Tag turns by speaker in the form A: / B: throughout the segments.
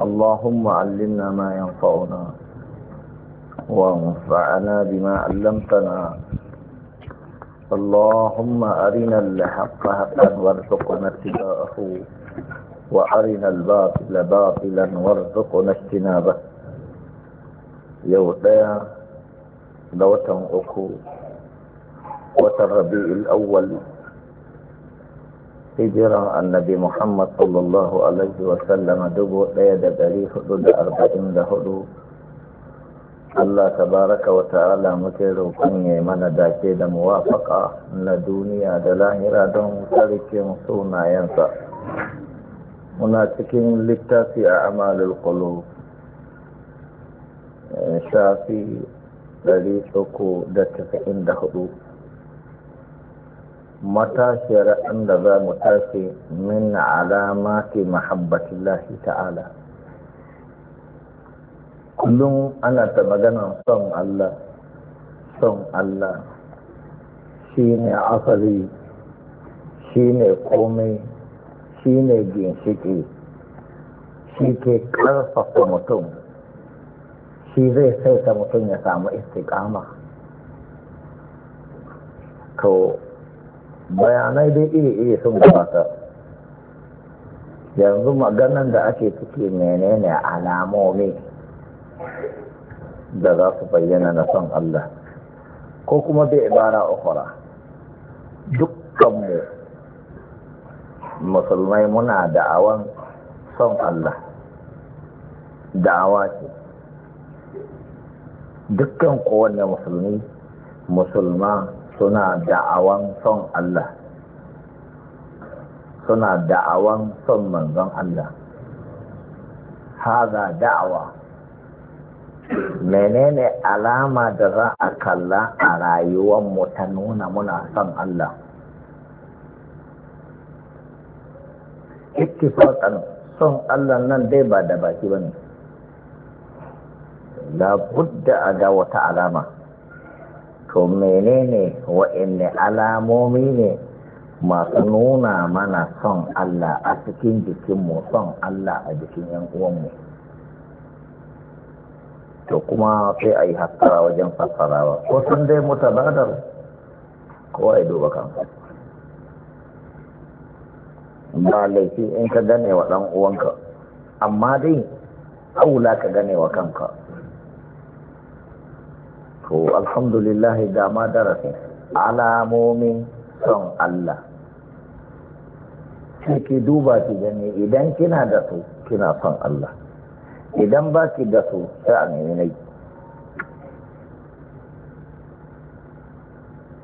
A: اللهم علمنا ما ينفعنا وانفعنا بما علمتنا اللهم أرنا الحق حقا وارزقنا اتباعه وأرنا الباطل باطلا وارزقنا اجتنابه يوم لوتن أكو وتربيع الأول hijiran annabi Muhammad sallallahu Alaihi wasallama dubu ɗaya da ɗari hudu da arba'in da hudu Allah tabaraka wa ta'ala muke roƙon ya mana dace da muwafaƙa na duniya da lahira don sarkin sunayensa muna cikin littafi a amalul qulub shafi ɗari uku da tasa'in da hudu matashiyar inda za mu tashi min alama mahabbatin lafi ta'ala kullum ana ta maganan son Allah son Allah shi ne asali shi ne komai shi ne ginshiki shi ke ƙarfafa mutum shi zai ta mutum ya samu istiƙama to bayanai dai iri-iri sun gabata yanzu maganan da ake ciki menene alamomi da za su bayyana na son Allah ko kuma bai ibara ukura dukkanmu musulmai muna da'awan son Allah da'awa ce dukkan kowanne musulmi musulma suna da'awan son Allah suna da'awan son manzon Allah haza da'awa menene alama da za a kalla a rayuwar mu ta nuna muna son Allah ittifaqan son Allah nan dai ba da baki bane la a ga wata alama to menene waɗanne alamomi ne masu nuna mana son Allah a cikin jikinmu son Allah a jikin yan uwanmu to kuma sai a yi haskara wajen fassarawa ko sun dai mutabadar kowa ya duba kan ba laifi in ka gane wa ɗan uwanka amma dai aula ka gane wa kanka to alhamdulillah ga ma darasi alamomin son Allah sai ki duba ki gani idan kina da su kina son Allah idan ba ki da su sai a nemi nai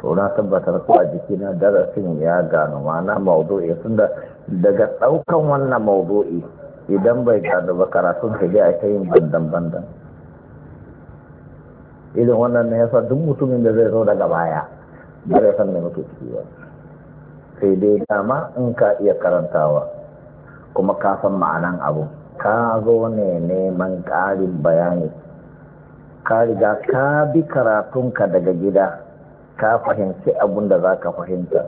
A: to na tabbatar ko a jikina darasin ya gano mana maudu'i da daga ɗaukan wannan maudu'i idan bai gano ba karatun ka je a ta yin bandan-bandan irin wannan ne yasa duk mutumin da zai zo daga baya ba da san me muke ciki ba sai dai dama in ka iya karantawa kuma ka san ma'anan abu ka zo ne neman ƙarin bayani ka riga ka bi karatunka daga gida ka fahimci abun da za ka fahimta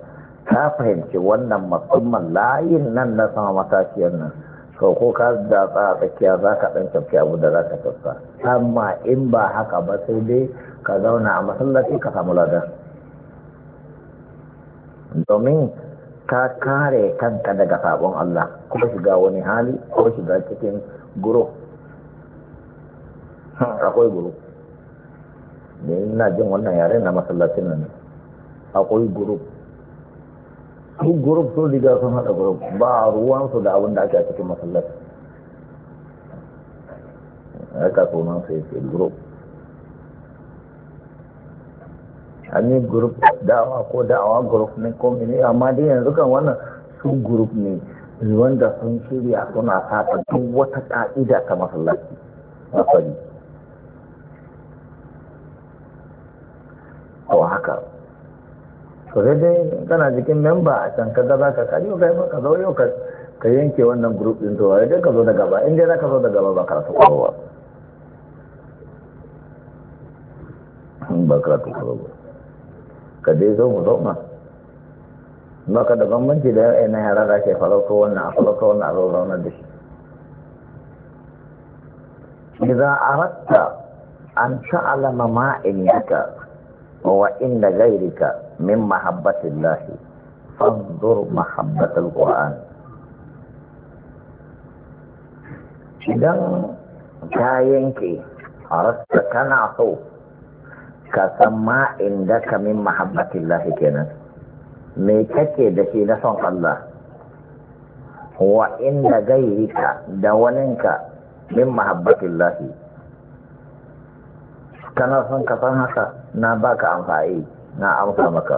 A: ka fahimci wannan musamman layin nan na sama matashiyar nan to ko ka da a tsakiya za ka ɗan tafki abu da za ka tafsa amma in ba haka ba sai dai ka zauna a masallaci ka samu ladan domin ka kare kanka daga sabon Allah ko shiga wani hali ko shiga cikin guru akwai guru ne ina jin wannan yare na masallacin nan akwai guru. duk gurup sun riga sun haɗa gurup ba ruwansu da abin da ake a cikin masallaci haka sunan sai ke gurup an yi gurup dawa ko dawa gurup ne ko ne amma dai yanzu kan wannan su gurup ne wanda sun shirya suna sata duk wata ka'ida ta masallaci masali ko haka to sai dai kana jikin memba a can kaga za ka kaji ka ba ka zo yau ka yanke wannan group din to wai dai ka zo da gaba in dai za ka zo da gaba ba karatu ko ba karatu ba ka dai zo mu zauna ba ka da bambanci da yau na yara za ke farauta wannan a farauta wannan a zo zauna da shi إذا أردت أن تعلم ما إليك wa inda gairika min mahabbatin lahi fanzur mahabbatul qur'an idan ka yanke harasta kana so ka san ma inda ka min mahabbatin lahi kenan me kake da shi na son Allah wa inda gairika da waninka min mahabbatin lahi kana son ka san haka na baka amfani na amsa maka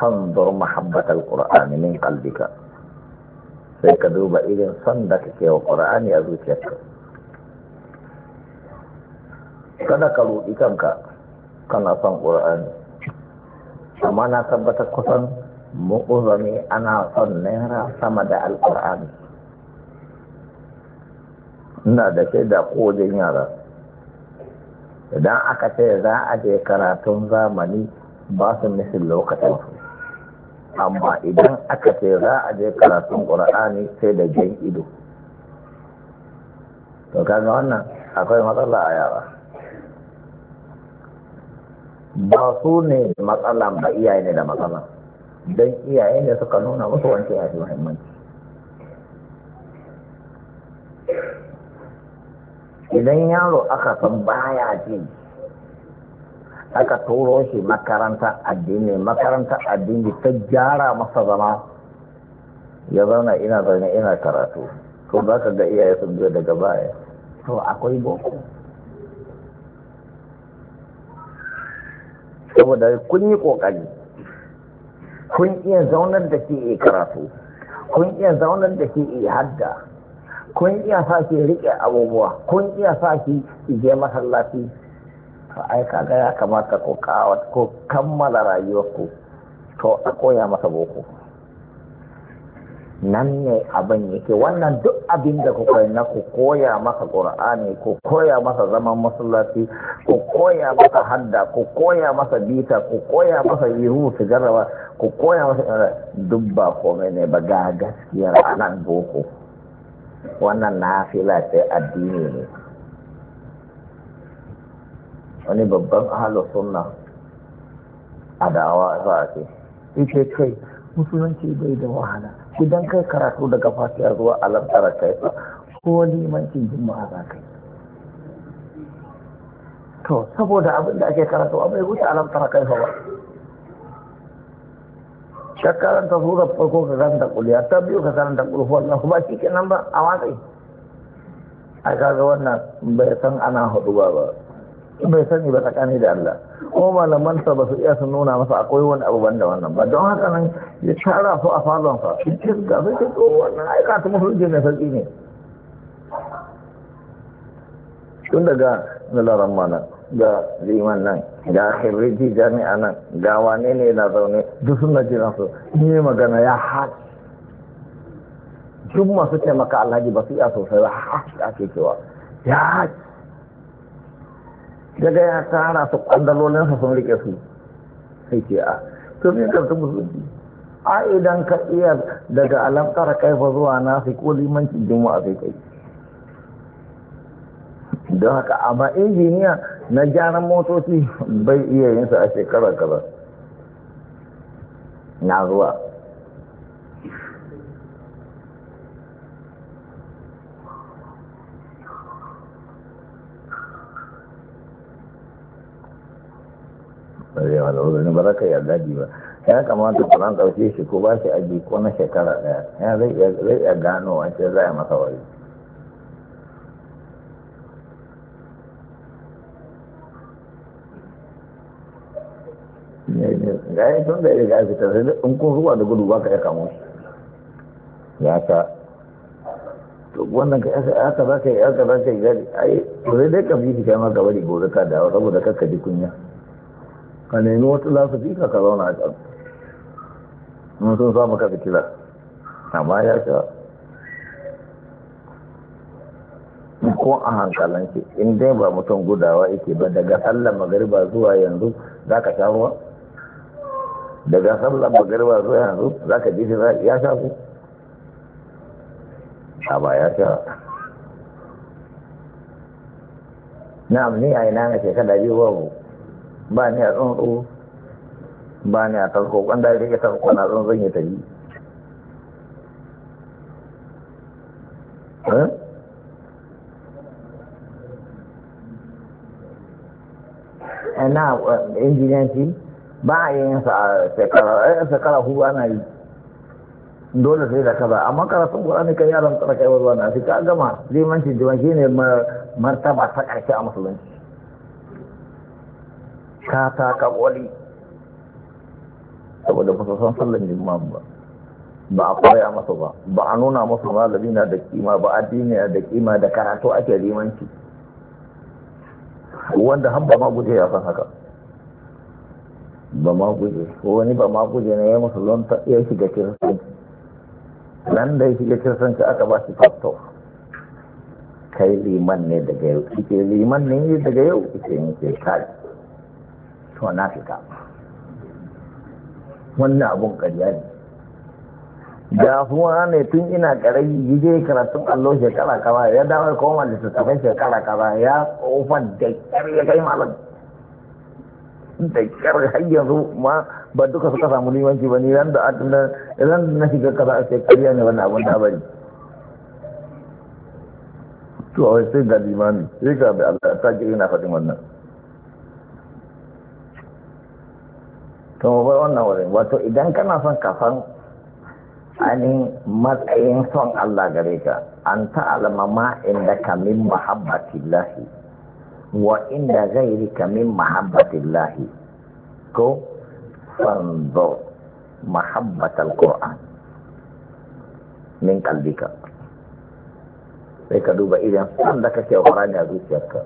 A: fanzur mahabbatal qur'ani min qalbika sai ka duba irin son da kake wa qur'ani a zuciyarka kada ka rudi kanka kana son qur'ani amma na tabbatar kusan mu'uzami ana son naira sama da alqur'ani ina da shaida da yara idan aka ce za a je karatun zamani ba su nufin lokacin su amma idan aka ce za a je karatun ƙura'ani sai da jan ido to kaga wannan akwai matsala a yara ba su ne matsala ba iyaye ne da matsala don iyaye ne suka nuna musu wanke ya fi muhimmanci idan yaro aka san baya ji aka turo shi makarantar addini makarantar addini ta gyara masa zama ya zauna ina zaune ina karatu to ba ka ga iyaye sun zo daga baya to akwai boko saboda kun yi kokari kun iya zaunar da ke karatu kun iya zaunar da ke hadda kun iya sa ki riƙe abubuwa kun iya sa ki je masallaci to ai kaga ya kamata ko kawat ko kammala rayuwarku to a koya masa boko nan ne abin yake wannan duk abin da kuka na ku koya masa Al-Qur'ani ku koya masa zaman masallaci ku koya masa hadda ku koya masa bita ku koya masa yihu su jarraba ku koya masa duk ba komai ne ba ga gaskiyar anan boko wannan na nafila sai addini ne wani babban ahalar sunna a dawa za a ce ita kai musulunci bai da wahala idan kai karatu daga fasiyar zuwa alamtara kai ba ko limancin a za kai to saboda abin da ake karatu a bai wuce alamtara kai ba ka karanta surar farko ka karanta kuliya ta biyu ka karanta kulhu Allah ba shi kenan ba a watsi a kaga wannan bai san ana hudu ba ba bai sani ba tsakani da Allah ko malamansa ba su iya su nuna masa akwai wani abu banda wannan ba don haka nan ya tara su a falon fa shi ga sai ta to wannan aika ta musulunci ne sarki ne tun daga nazarin mana ga liman nan ga khirriji jami'a nan ga wane ne na zaune duk suna jiran su ne magana ya haƙ duk masu taimaka alhaji ba su iya sosai ba haɗi ake cewa ya haƙ daga ya tara su kwandalolinsa sun rike su sai ce a to ne karfi musulunci a idan ka iya daga alamtara kai fa zuwa nasu ko limanci juma'a sai kai don haka amma injiniya na gyaran motoci bai iya yinsa a shekarar kaza na zuwa tsarewa da wurin ba za yarda ji ba ya kamata ku ɗauke shi ko ba shi aji ko na shekara ɗaya ya zai iya gano a za a masa wari riga tun da riga ya fita sai in kun ruwa da gudu ka ya kamo shi ya ka to wannan ka yasa aka za ka yi aka za ka yi gari ai to sai dai ka fi shi kai ma ka gobe ka dawo saboda kakka ji kunya ka nemi wata lafafi ka ka zauna a can mun sun samu ka fitila amma ya ka ko a hankalance in dai ba mutum gudawa yake ba daga sallar magariba zuwa yanzu za ka sha ruwa daga sallan bagarwa zuwa yanzu za ka ji ya sha ku a ba ya sha na amini a ina na shekada biyu ku ba ni a tsuntsu ba ni a tarko wanda ya rike tarko na tsuntsun ya tafi eh? na eh, injiniyanci ba a yin sa a shekara a shekara huɗu ana yi dole sai da kaza amma karatun qur'ani kai yaran tsara kai wa na fi ka gama limanci jiwan ne martaba ta karshe a musulunci ka ta ka koli saboda ba su san sallan jima'a ba ba a koya masa ba ba a nuna masa malami na da kima ba addini na da kima da karatu ake limanci wanda hamba ma guje ya san haka ba ma guje ko wani ba ma guje ne ya ta ya shiga kirsan nan da ya shiga ka aka ba shi fasto kai liman ne daga yau kike liman ne daga yau kike ne ke kai to na fita wannan abun kariya ne da kuma ne tun ina karai gije karatun allo shekara kaza ya dawo koma littattafai shekara kaza ya ofan da ya kai malam da kyar har yanzu ma ba duka suka samu neman ba bane ran da ran na shiga kasa a shekariya ne wannan abin da bari to a sai da limani sai Allah ta jiri na faɗin wannan to bar wannan wurin wato idan kana son kafan ani matsayin son Allah gare ka an ta'alama ma inda ka min muhabbatillahi wa inda ghayrika min mahabbatillahi ko fanzo mahabbatal qur'an min kalbika sai ka duba idan san da kake qur'ani a zuciyarka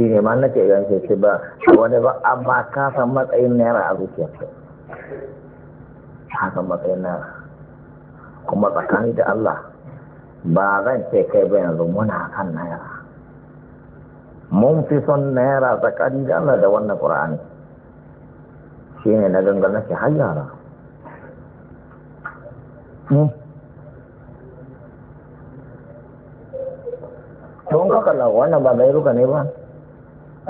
A: ne ma nake idan sai ce ba wani ba amma ka san matsayin naira a zuciyarka ka san matsayin naira kuma tsakani da Allah ba zan ce kai ba yanzu muna kan naira mun fi son naira tsakani da Allah da wannan ƙura'ani shi ne na gangan nake har yara hmm. don kakala wannan ba mai ruka ne ba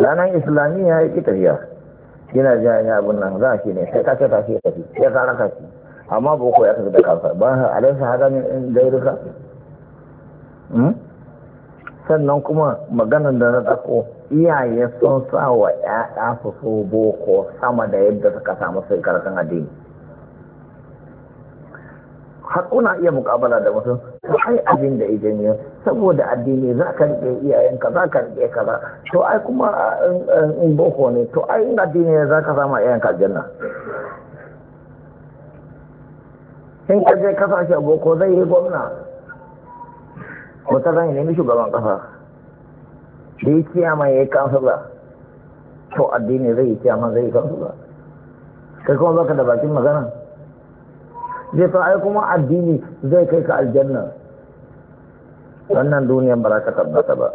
A: ranar islamiyya ya ƙi tafiya yana jiya ya abin nan za shi ne sai kace tafi ya tafi ya kara kashi, amma boko ya tafi da kafa ba alaisa haka min gairuka sannan kuma maganar da na ɗako iyaye sun sa wa ‘ya'ya su so boko sama da yadda suka samu sai karatun addini hakuna iya mukabala da mutum to ai abin da idan ya saboda addini za ka rike iyayenka za ka rike kaza to ai kuma in boko ne to ai in addini ne za ka sama iyayenka janna. in ka je kasashe boko zai yi gwamna wata ne nemi shugaban ƙasa da ya kiyama ya yi kansu ba, to addini zai yi kiyama zai yi kansu ba. kai kuma baka da bakin magana zai fa ai kuma addini zai kai ka aljanna wannan duniyan ba ka tabbata ba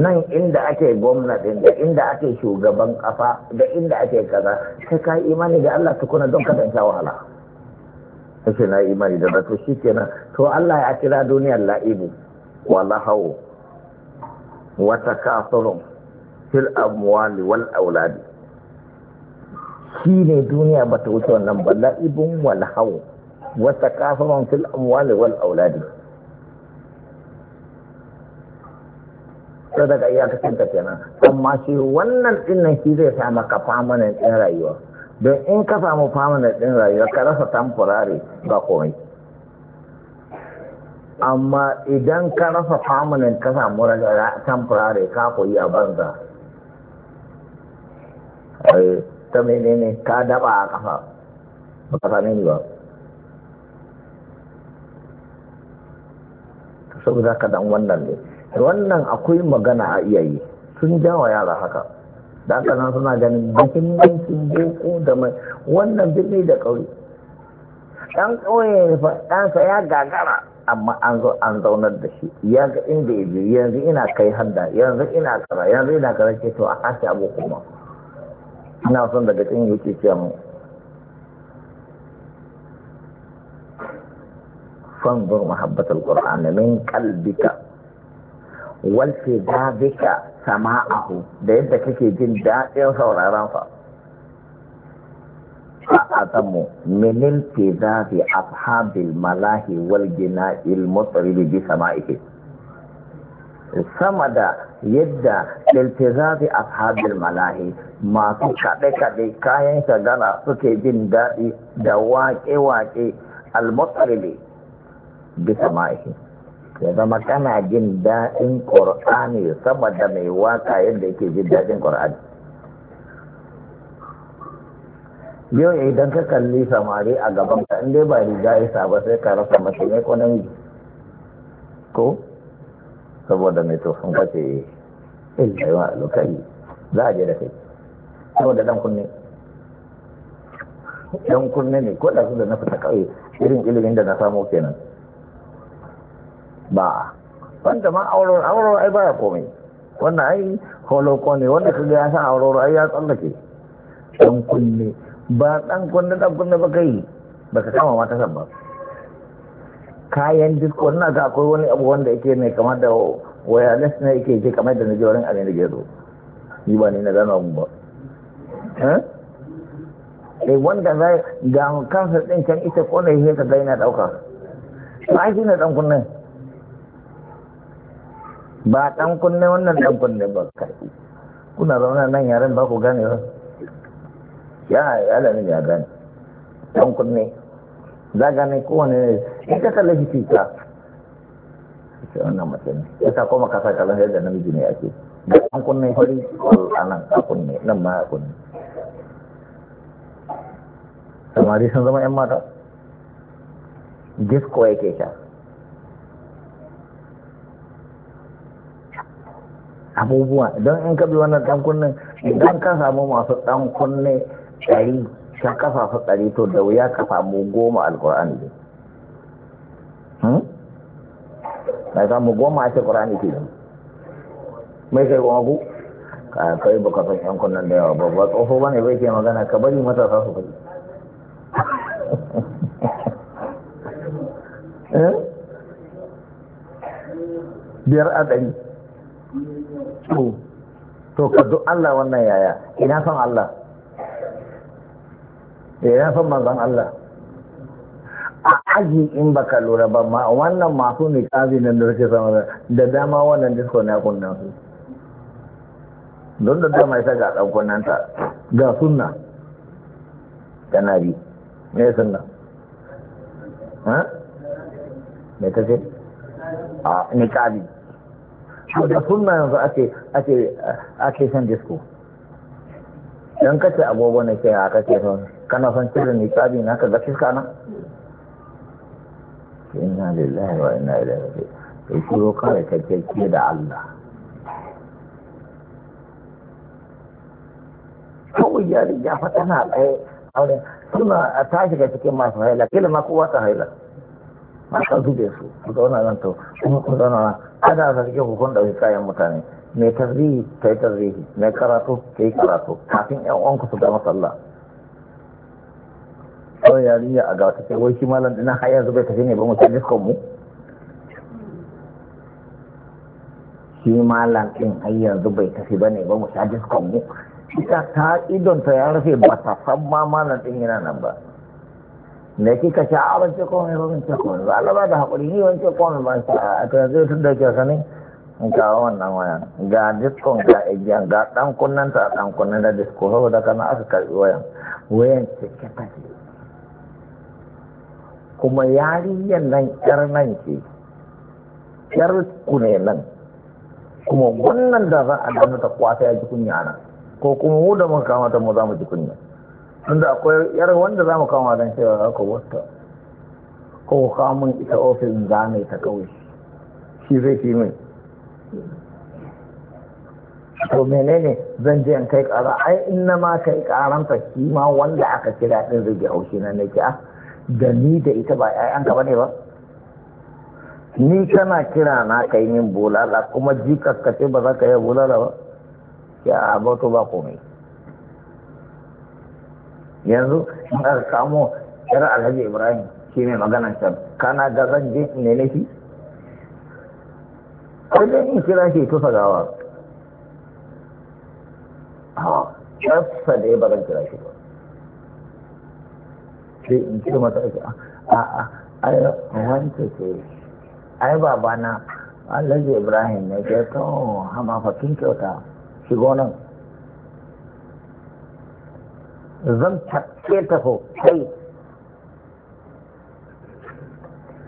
A: nan inda ake gwamnatin da inda ake shugaban kafa da inda ake kaza sai ka imani da Allah tukuna don ka danta wahala sai na imani da zato shi kenan to Allah ya kira duniyar la'ibu wa lahawo wata takasarun fil amwali wal auladi shi ne duniya ba ta wuce wannan ba la'ibun wa lahawo wata takasarun fil amwali wal auladi sai daga iyakacin ka kenan amma shi wannan dinnan shi zai sa maka famanin ɗin rayuwa don in ka samu permanent ɗin rayuwa ka rasa temporary ba komai amma idan ka rasa permanent ka samu temporary ka koyi a banza eh, ta menene ka daba a kafa ba ka sami ni ba saboda ka dan wannan ne wannan akwai magana a iyaye sun jawa yara haka da aka nan suna ganin muhimmancin boko da mai wannan birni da ƙauye ɗan ƙauye ɗansa ya gagara amma an zo an zaunar da shi ya ga inda ya yanzu ina kai handa yanzu ina kara yanzu ina kara ke to a hashi abu kuma ina son daga cikin yake ce mu fanzur mahabbatul qur'an min qalbika wal fidabika sama'ahu da yadda kake jin daɗin sauraron sa a'azamu min iltizafi ashabil malahi wal jina'il da bi ike sama da yadda iltizafi ashabil malahi masu kaɗe-kaɗe kayan shagala suke jin daɗi da waƙe-waƙe al bi bi ike ya zama kana jin daɗin ƙor'ani sama da mai waka yadda yake jin daɗin ƙor'ani yau idan ka kalli samari a gaban ka inda ba riga isa ba sai ka rasa mace ne ko namiji ko saboda mai tofin kace illa yawa alukari za a je da kai saboda dan kunne dan kunne ne ko da su da na fita kawai irin ilimin da na samu kenan ba wanda ma auro auro ai ba komai wannan ai ko ne wanda su ya san auro ai ya tsallake dan kunne ba dan kunne dan kunne ba kai baka kama mata san ba kayan disko na ga akwai wani abu wanda yake ne kamar da waya ne yake je kamar da naje wurin abin da ke zo ni ba ne na gano mu ba eh wanda zai ga kansa din can ita kone sai ka ga yana dauka ba shi ne dan kunne. ba ɗan kunne wannan ɗan kunne ba karfi kuna zaune nan yaren ba ku gane ba ya alamin ya gane ɗan kunne za gane kowane ne in ka kalli shi fita ce wannan mace ya sa kuma kasa kalan kallon yadda namiji ne ake da ɗan kunne hori a nan a kunne nan ma a kunne samari sun zama 'yan mata disco yake sha abubuwa don in ka bi wannan dan kunnen idan ka samu masu dan kunne ɗari ka kafa su ɗari to da wuya ka samu goma alkur'ani ne na hmm? samu goma a ce ƙur'ani ke mai kai goma ku ka kai baka san yan kunnen da yawa babba tsofo bane bai ke magana ka bari matasa su faɗi eh? biyar a ɗari to to ka duk Allah wannan yaya ina son Allah eh, ina son manzon Allah a aji in baka lura ba ma wannan masu ne kazi nan da suke sama da dama wannan disko na kunna su don da dama isa ga dan kunnan ta ga sunna tana bi me sunna ha me kace a niqabi da sunna yanzu ake ake ake san disco dan kace agogo ne kai aka ce son kana son cire ni tsabi na ka ga fiska na inna lillahi wa inna ilaihi raji'un to shiro ka kake da Allah kawai ya riga na tana a wurin suna a tashi ga cikin masu haila kila ma kowa ta haila aka zube su ku zauna nan to kuma ku zauna kada zarge hukun ɗauki kayan mutane mai tarihi ta yi tarihi mai karatu ta yi karatu kafin ƴan uwanku su gama sallah kawai yarinya a ga wata ce wai shi malam dinan har yanzu bai tafi ne ba mutane su mu shi malam ɗin har yanzu bai tafi ba ne ba mu su diskon mu ita ta idonta ya rufe ba ta san ma malam ɗin yana nan ba me kika sha a ban ce komai ba ban ce komai ba Allah ba da haƙuri ni wance ce komai ba a ta zai tun da ke sani in kawo wannan wayan ga diskon ga igiyan ga dan kunnen ta dan kunnen da disko da kana aka karbi wayan wayan cike take kuma yarinyar nan yar nan ce yar ku ne nan kuma wannan da za a gano ta kwata ya ji kunya nan ko kuma mu da muka kamata mu za mu ji kunya tunda akwai yar wanda za mu kama don cewa za ku wata ko kamun ita ofis za ta kawai shi zai fi mai to menene zan je in kai kara ai in na ma kai ta shi ma wanda aka kira din zai ga haushi na nake a ah, da ni da ita ba ai ka bane ba ni kana kira na kai min bulala kuma jikar ka ba za ka yi bulala ba ya to ba komai yanzu in aka kamo yar alhaji ibrahim shi ne magana ta kana ga zan je ne na shi ko dai in kira shi tufa gawa ha yasa dai ba zan kira shi ba sai in ce mata ake a a ai wance ce ai babana alhaji ibrahim ne ke to hama fa kin kyauta shigo nan zan tafiye ta sosai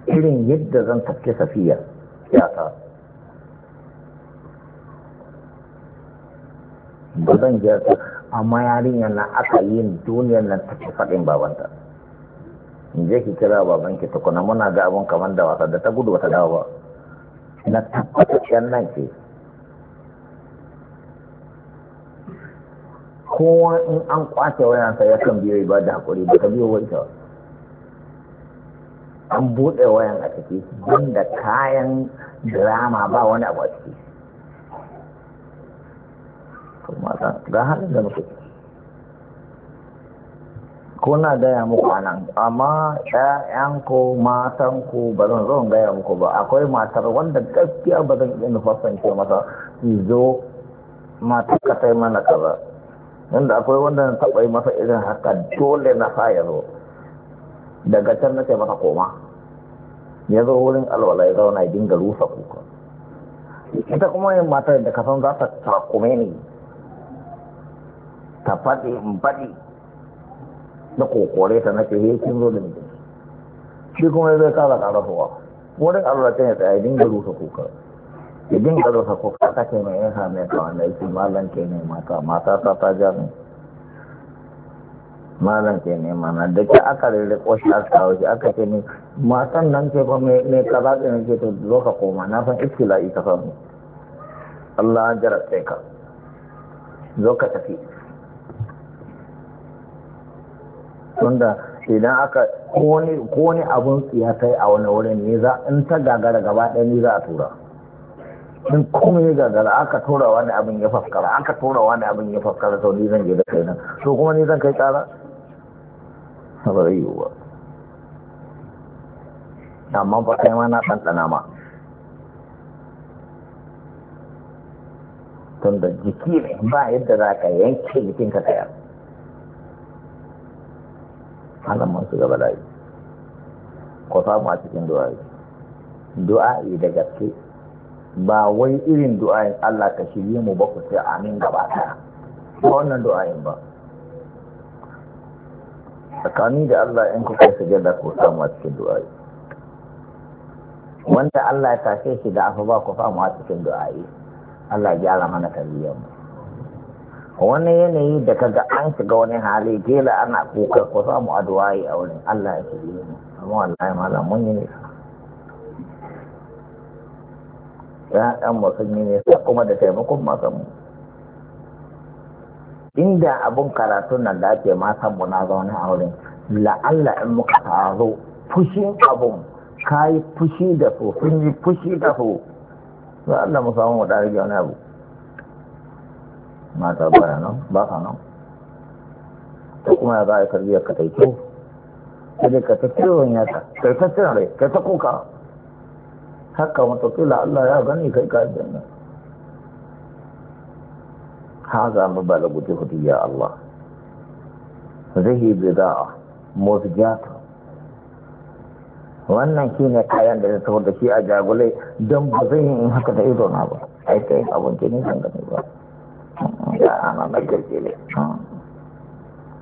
A: irin yadda zan take safiya ya ta ba zan je amma yarinyar na aka yi duniyar nan take faɗin babanta in je ki kira baban ki tukuna muna ga abun kamar da wasa da ta gudu wata dawa ba na tabbatar nan ke kowa in an kwace wayansa ya kan biyo ba da haƙuri ba ka biyo wancan an buɗe wayan a ciki don da kayan drama ba wani abu a ciki ga halin da muke kuna gaya muku a nan amma ƴaƴanku matanku ba zan zo gaya muku ba akwai matar wanda gaskiya ba zan iya nufafance masa zo matar ka sai mana kaza wanda akwai wanda na taɓa yi masa irin haka dole na sa ya zo daga can na ce masa koma ya zo wurin alwala ya zauna ya dinga rusa kuka ita kuma yin matar da kasan za ta takume ni ta faɗi in faɗi na kokore ta na ce kin zo da shi kuma ya zai kara ƙarasowa wurin alwala can ya tsaye dinga rusa kuka idan ka zo ko ka ke mai yin same ka wanda yake malam ke ne mata mata ta ta ja ne malam ke ne mana da ke aka rere koshi aka kawo shi aka ce ne matan nan ce ba mai kaza ɗin ce to zo ka koma na san ita fa samu Allah jara jarabce ka zo ka tafi tunda idan aka ko wani abun tsiya kai a wani wurin ne za in ta gagara gaba ɗaya ne za a tura in kuma ya gagara aka tura wani abin ya faskara aka tura wani abin ya faskara sau ni zan je da kai nan to kuma ni zan kai kara ba zai yiwu ba amma ba kai ma na ɗanɗana ma tun da jiki ne ba yadda za ka yanke jikin ka kaya halin masu gaba da yi ko samu a cikin du'a'i du'a'i da gaske ba wai irin du'ayin Allah ka shirye mu ba ku sai amin gaba ta ba wannan du'ayin ba tsakani da Allah in kuka gada ko samu a cikin du'ayi wanda Allah ya tashe shi da afu ba ku samu a cikin du'ayi Allah ya gyara mana tarbiyyar mu wani yanayi da kaga an shiga wani hali gela ana kuka ku samu a du'ayi a wurin Allah ya shirye mu amma wallahi malam mun yi nisa ya'yanmu sun ne nesa kuma da taimakon matanmu inda abun karatun nan da ake matanmu na zaune a wurin la'alla in muka taro fushin abun ka yi fushi da su sun yi fushi da su za Allah mu samu wa rage wani abu mata baya nan ba ka nan ta kuma ya za a yi karbiyar ka ta Ka kyau ka ta ciwon yata kai ta cin kai ta kuka haka matakila Allah ya gani kai ka janna haza guje hudu ya Allah zai za'a bida'a jata, wannan shi ne kayan da ta da shi a jagulai don ba zai yi in haka da ido na ba ai yin abinci ne kan gani ba ya ana na garke ne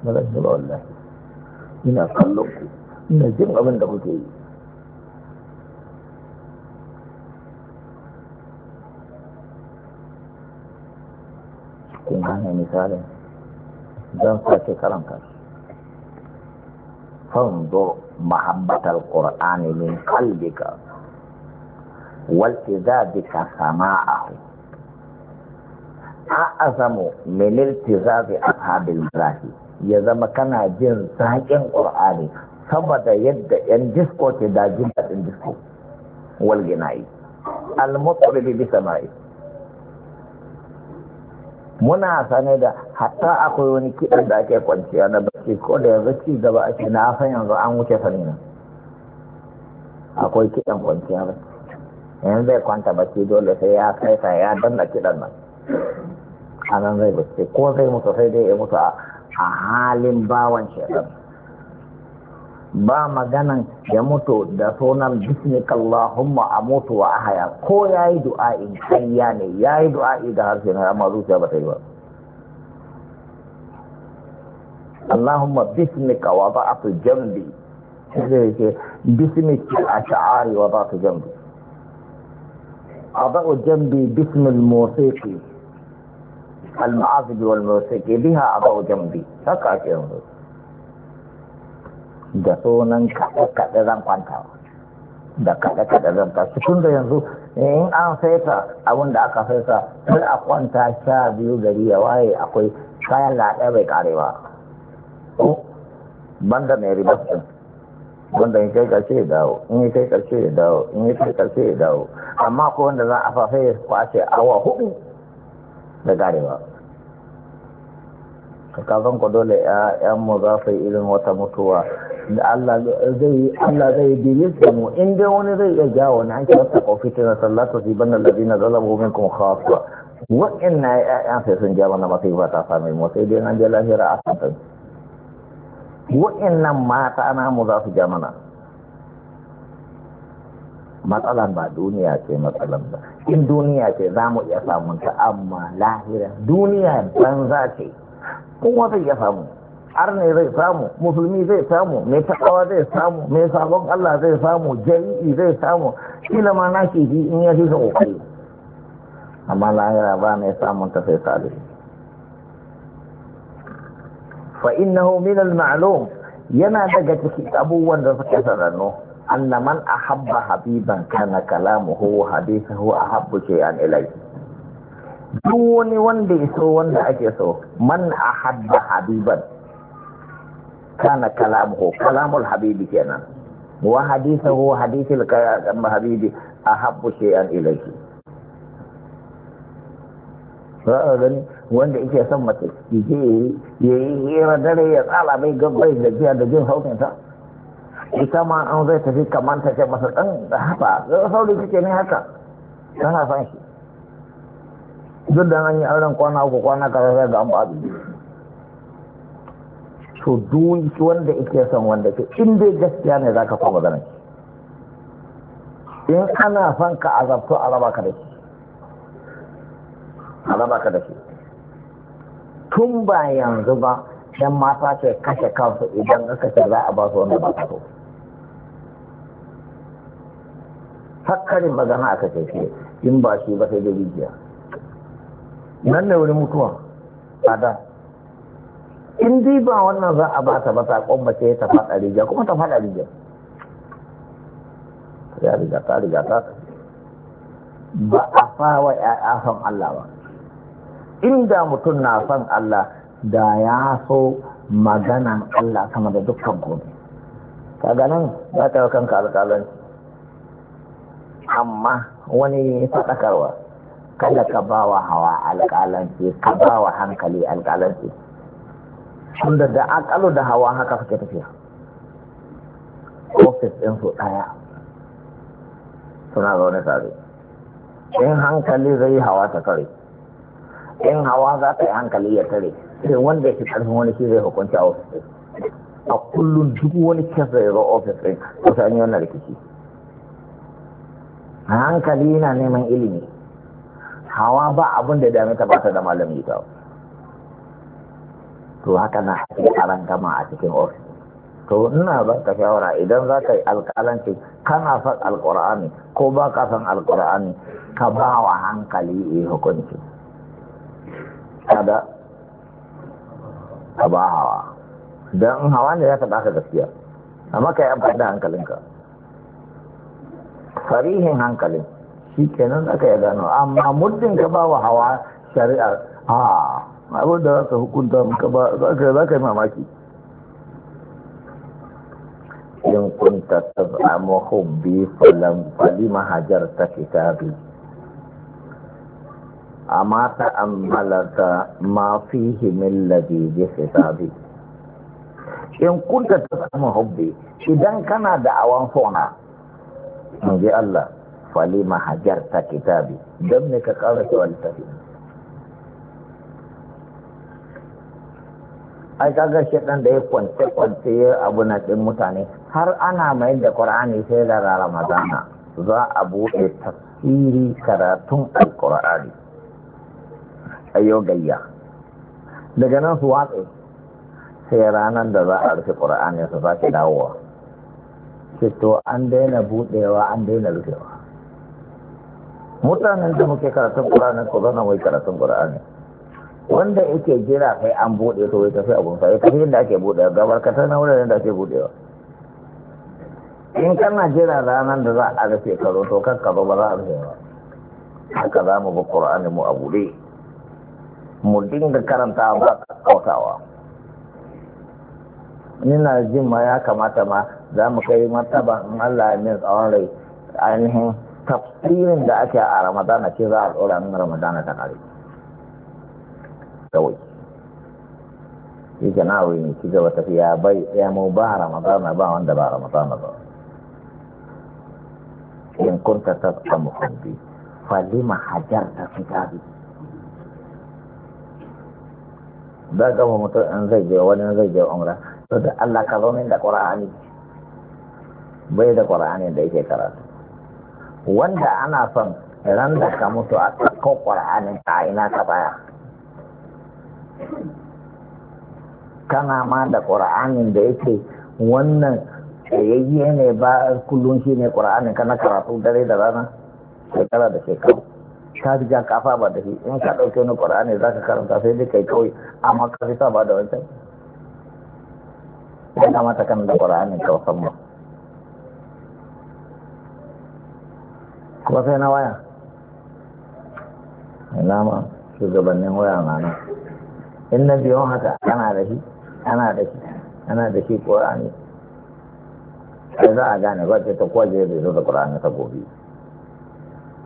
A: ba zan shi ba wallahi ina kallon ku ina jin abin da kuke yi misalin don sake karanta fanzo mahabbatar ƙur'ani min kalbika والتزامك سماعه أعظم من التزام أصحاب المراهي ya zama kana jin zaƙin ƙur'ani saboda yadda ‘yan disko ke da jin daɗin disko yi al-mutsuri bi sama'i muna sane da hatta akwai wani kiɗan da ake kwanciya na bacci ko da yanzu ci gaba ake na san yanzu an wuce sani na akwai kiɗan kwanciya bacci yanzu zai kwanta bacci dole sai ya sa ya danna kiɗan nan a zai bacci ko zai mutu sai dai ya mutu a halin bawan shekaru ba maganan ya mutu da sunan bismika Allahumma a mutu wa ahaya ko ya yi du'a'in kanya ne ya yi du'a'i da harshe na amma zuciya ba ta yi ba Allahumma bismika wa ba a fi jambi zai ce bismika a sha'ari wa ba fi jambi a ba jambi bismil musiki al-ma'azibi wal musiki biha a ba jambi haka ake yanzu da sunan kaɗe-kaɗe zan kwanta da kaɗe-kaɗe zan kwanta tun da yanzu in an saita abin da aka saita sai a kwanta sha biyu gari ya waye akwai kayan laɗe bai ƙare ba banda mai ribastin wanda in kai karshe ya dawo in yi kai karshe ya dawo in yi kai karshe ya dawo amma ko wanda za a fafe kwace awa hudu da ƙarewa ka ku dole ƴaƴan mu za su yi irin wata mutuwa da Allah zai Allah zai mu in dai wani zai iya jawo na an kira ta kofiti na sallatu fi banna ladina zalamu minkum khassa wa'inna ƴaƴan sai sun ja mana ba ta same mu sai dai an je lahira a kan nan mata na mu za su ja mana matsalan ba duniya ce matsalan ba in duniya ce za mu iya samunta amma lahira duniya banza ce kowa zai ya samu arne zai samu musulmi zai samu mai takawa zai samu mai sabon Allah zai samu jari'i zai samu kila ma na ke ji in ya fi ka kokari amma lahira ba mai samun ta sai sale fa innahu min al ma'lum yana daga ciki abubuwan da suka an anna a habba habiban kana kalamuhu wa hadithuhu ahabbu shay'an ilayhi duk wani wanda ya so wanda ake so man a hadda habiban kana kalamuhu kalamul habibi kenan wa hadithahu hadithul habibi a ahabbu shay'an ilayhi ra'a gani wanda yake son mace ya yi hira dare ya tsala mai gabbai da jiya da jin haukin ta ita ma an zai tafi kamar ta ce masa haka da sauri kike ne haka tana san shi duk da an yi auren kwana uku kwana karar ga an abin to duk wanda yake son wanda ke in dai gaskiya ne zaka kuma magana in ana son ka azabto a raba ka da shi a raba ka da shi tun ba yanzu ba yan mata ce kashe kansu idan aka ce za a ba su wanda ba ka so hakkarin magana aka ce shi in ba shi ba sai da rijiya nan ne wani mutuwa a da in dai ba wannan za a bata ba ta mace ce ta ɗari rijiya kuma ta faɗa rijiya ya riga ta riga ta ba a fawa ya'ya son Allah ba inda mutum na son Allah da ya so maganan Allah sama da dukkan gobe kaga nan za ta yi kanka alƙalanci amma wani faɗakarwa kada ka ba wa hawa alƙalance ka ba wa hankali alƙalance tunda da aƙalu da hawa haka suke tafiya ofis ɗin su ɗaya suna zaune tare in hankali zai hawa ta tare in hawa za ta yi hankali ya tare sai wanda ya fi ƙarfin wani shi zai hukunta ofis ɗin a kullum duk wani kesa ya zo ofis ɗin kusa an yi wannan rikici hankali yana neman ilimi hawa ba abin da dame ta bata da malami ta to haka na haƙi aran gama a cikin ofis to ina ba ka shawara idan za ka yi alƙalanci kana son alƙur'ani ko ba ka son alƙur'ani ka ba wa hankali yi hukunci kada ka ba hawa don hawa ne ya taɓa ka gaskiya amma ka yi amfani da hankalinka farihin hankalin shi kenan aka ya gano amma muddin ka ba wa hawa shari'a a abin da za ka hukunta maka ba za ka yi mamaki in kunta tazamu hubbi falam falima hajarta kitabi amma ta ammalata ma fihi min ladidi kitabi in kunta tazamu hubbi idan kana da awan fona in ji Allah falima hajarta kitabi don ne ka kaura cewa littafi ai kaga shaɗan da ya kwance kwance ya abu na ɗin mutane har ana mai da ƙur'ani sai da ramadana za a buɗe tafsiri karatun alƙur'ani a yau gayya daga nan su watsa sai ranar da za a rufe ƙur'ani su sake dawowa ce an daina buɗewa an daina rufewa mutanen da muke karatun ƙura'ani ko zana wai karatun ƙura'ani wanda yake jira kai an buɗe to wai tafi abun sa ya tafi inda ake buɗewa gabar ka tana wurin da ake buɗewa in kana jira ranar da za a rufe karo to kan ka zo ba za a rufe ba haka za mu bi ƙura'ani mu a buɗe mu dinga karanta ba Ni na jin ma ya kamata ma za mu kai martaba in Allah ya min tsawon rai ainihin tafsirin da ake a ramadana ce za a tsora nan ramadana ta kare kawai shi janawai ne ci gaba tafiya bai ya mu ba ramadana ba wanda ba ramadana ba in kunta tasqa muhabbi falima hajarta kitabi da gama mutum in zai je wani zai je umra to da Allah ka zo min da ƙura'ani. bai da ƙura'ani da yake karatu wanda ana son ran da ka mutu a ɗaukar ƙwararren ta ina ka baya kana ma da ƙwararren da yake wannan tsayayye ne ba kullum shi ne ka kana karatu dare da rana shekara da shekara ka riga ka ba da shi in ka ɗauke ni ƙwar'ani za ka karanta sai dai kai kawai amma ka fi saba da wancan ya kamata kan da ƙwararren ka musamman kuma sai na waya nama ma shugabannin waya na nan in na biyan haka ana da shi ana da shi ana da shi ƙorani sai za a gane ba ce ta kwaje da zo da ƙorani ta gobe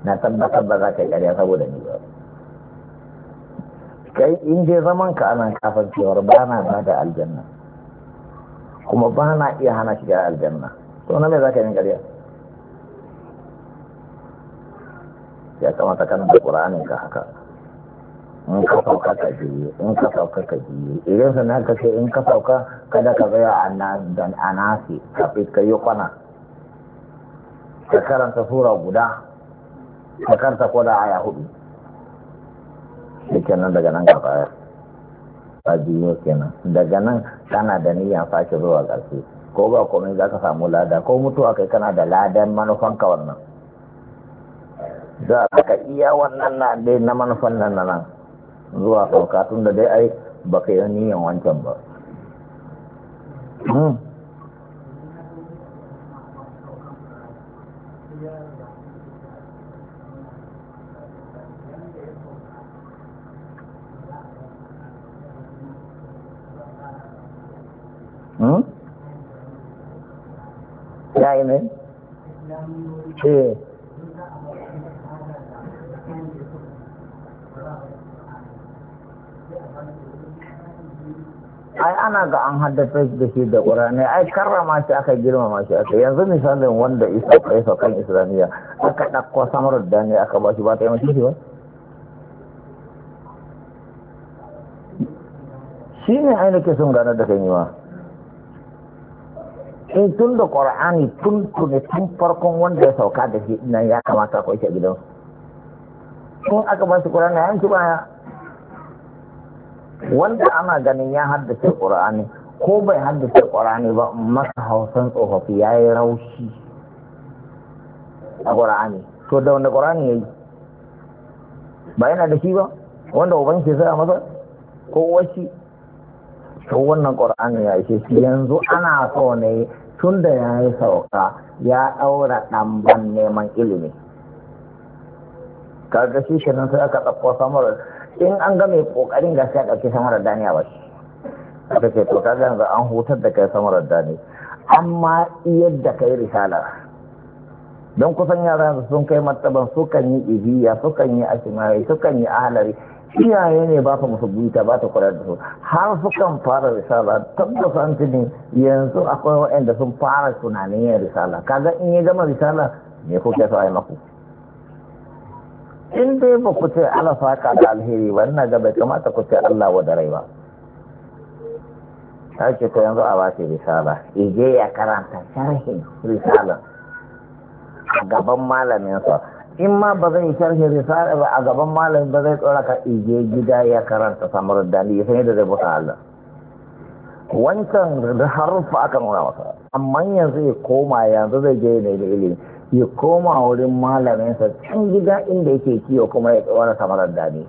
A: na tabbatar ba za ka yi ƙarya saboda ni ba kai in dai zaman ka ana kafin cewar ba na ba da aljanna kuma ba na iya hana shiga aljanna to na mai za ka yi ƙarya ya kamata kana da ƙura'anin ka haka in ka sauka ka jiye in ka sauka ka jiye idan sana ka ce in ka sauka kada ka tsaya a dan anasi ka yi kwana ka karanta sura guda ka karanta ko da aya hudu shi kenan daga nan gaba ya ka jiyo kenan daga nan kana da niyyar sake zuwa ƙarshe ko ba komai za ka samu lada ko mutuwa kai kana da ladan manufanka wannan za a ka iya wannan na dai na manufan nan na nan zuwa sauka tun da dai ai ba ka yi niyan wancan ba hmm. hmm? Yeah. ai ana ga an haddace da shi da ƙurani ai karrama shi aka girmama shi aka yanzu misalin wanda isa kai kan islamiyya aka ɗauko samar da ne aka ba shi ba ta yi mace shi ba shi ne ai nake sun ganar da kan yi ma in eh, tun da ƙur'ani tun tuni tun farkon wanda ya sauka da shi nan ya kamata ko shi a gidan kun aka ba shi ƙur'ani ya yanki baya wanda ana ganin ya haddace ƙur'ani ko bai haddace ƙur'ani ba masa hausan tsofaffi ya yi raushi a ƙur'ani to da wanda ƙur'ani ya yi ba yana da shi ba wanda uban shi a masa ko washi to wannan ƙur'ani ya ce shi yanzu ana so ne tun da ya yi sauka ya ɗaura ɗanban neman ilimi ga shi kenan sai aka ɗauko samar in an ga mai kokarin a ɗauki samarar dani a wasu. ta ce to kaga yanzu an hutar da kai samarar dani amma yadda kai risala. don kusan yara yanzu sun kai martaban sukan yi ibiya sukan yi ashimari sukan yi ahalari iyaye ne ba su musu buita ba ta kula da su har sukan fara risala tabbas an tuni yanzu akwai waɗanda sun fara tunanin yin risala kaga in ya gama risala me kuke so a yi maku in dai ba ku ce ala saka da alheri ba ina ga bai kamata ku ce Allah wa da rai ba ce ta yanzu a bashi risala ije ya karanta sharhin risala a gaban sa in ma ba zai sharhi risala ba a gaban malamin ba zai tsora ka ije gida ya karanta samar da ya sai da zai busa Allah wancan da harufa akan wani wasa amma yanzu ya koma yanzu zai je ne da ilimi ya koma wurin malaminsa can gida inda yake kiyo kuma ya tsawara samarar dani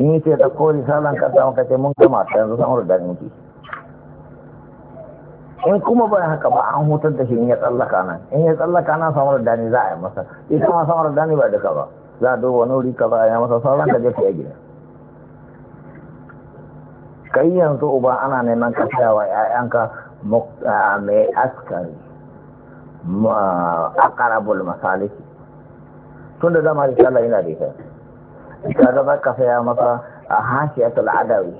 A: in yi ce ta kori salon kasa maka ce mun kama ta yanzu samarar dani ke. in kuma ba haka ba an hutar da shi in ya tsallaka nan in ya tsallaka nan samarar dani za a yi masa ita ma samarar dani ba duka ba za a duba wani wuri a ya masa salon ka je ka yi gida kai yanzu uba ana neman ka tsayawa 'ya'yanka mai askari أقرب المصالح تند دم على الله إلى ذلك إذا دم كفيا مطا هاشية العدوي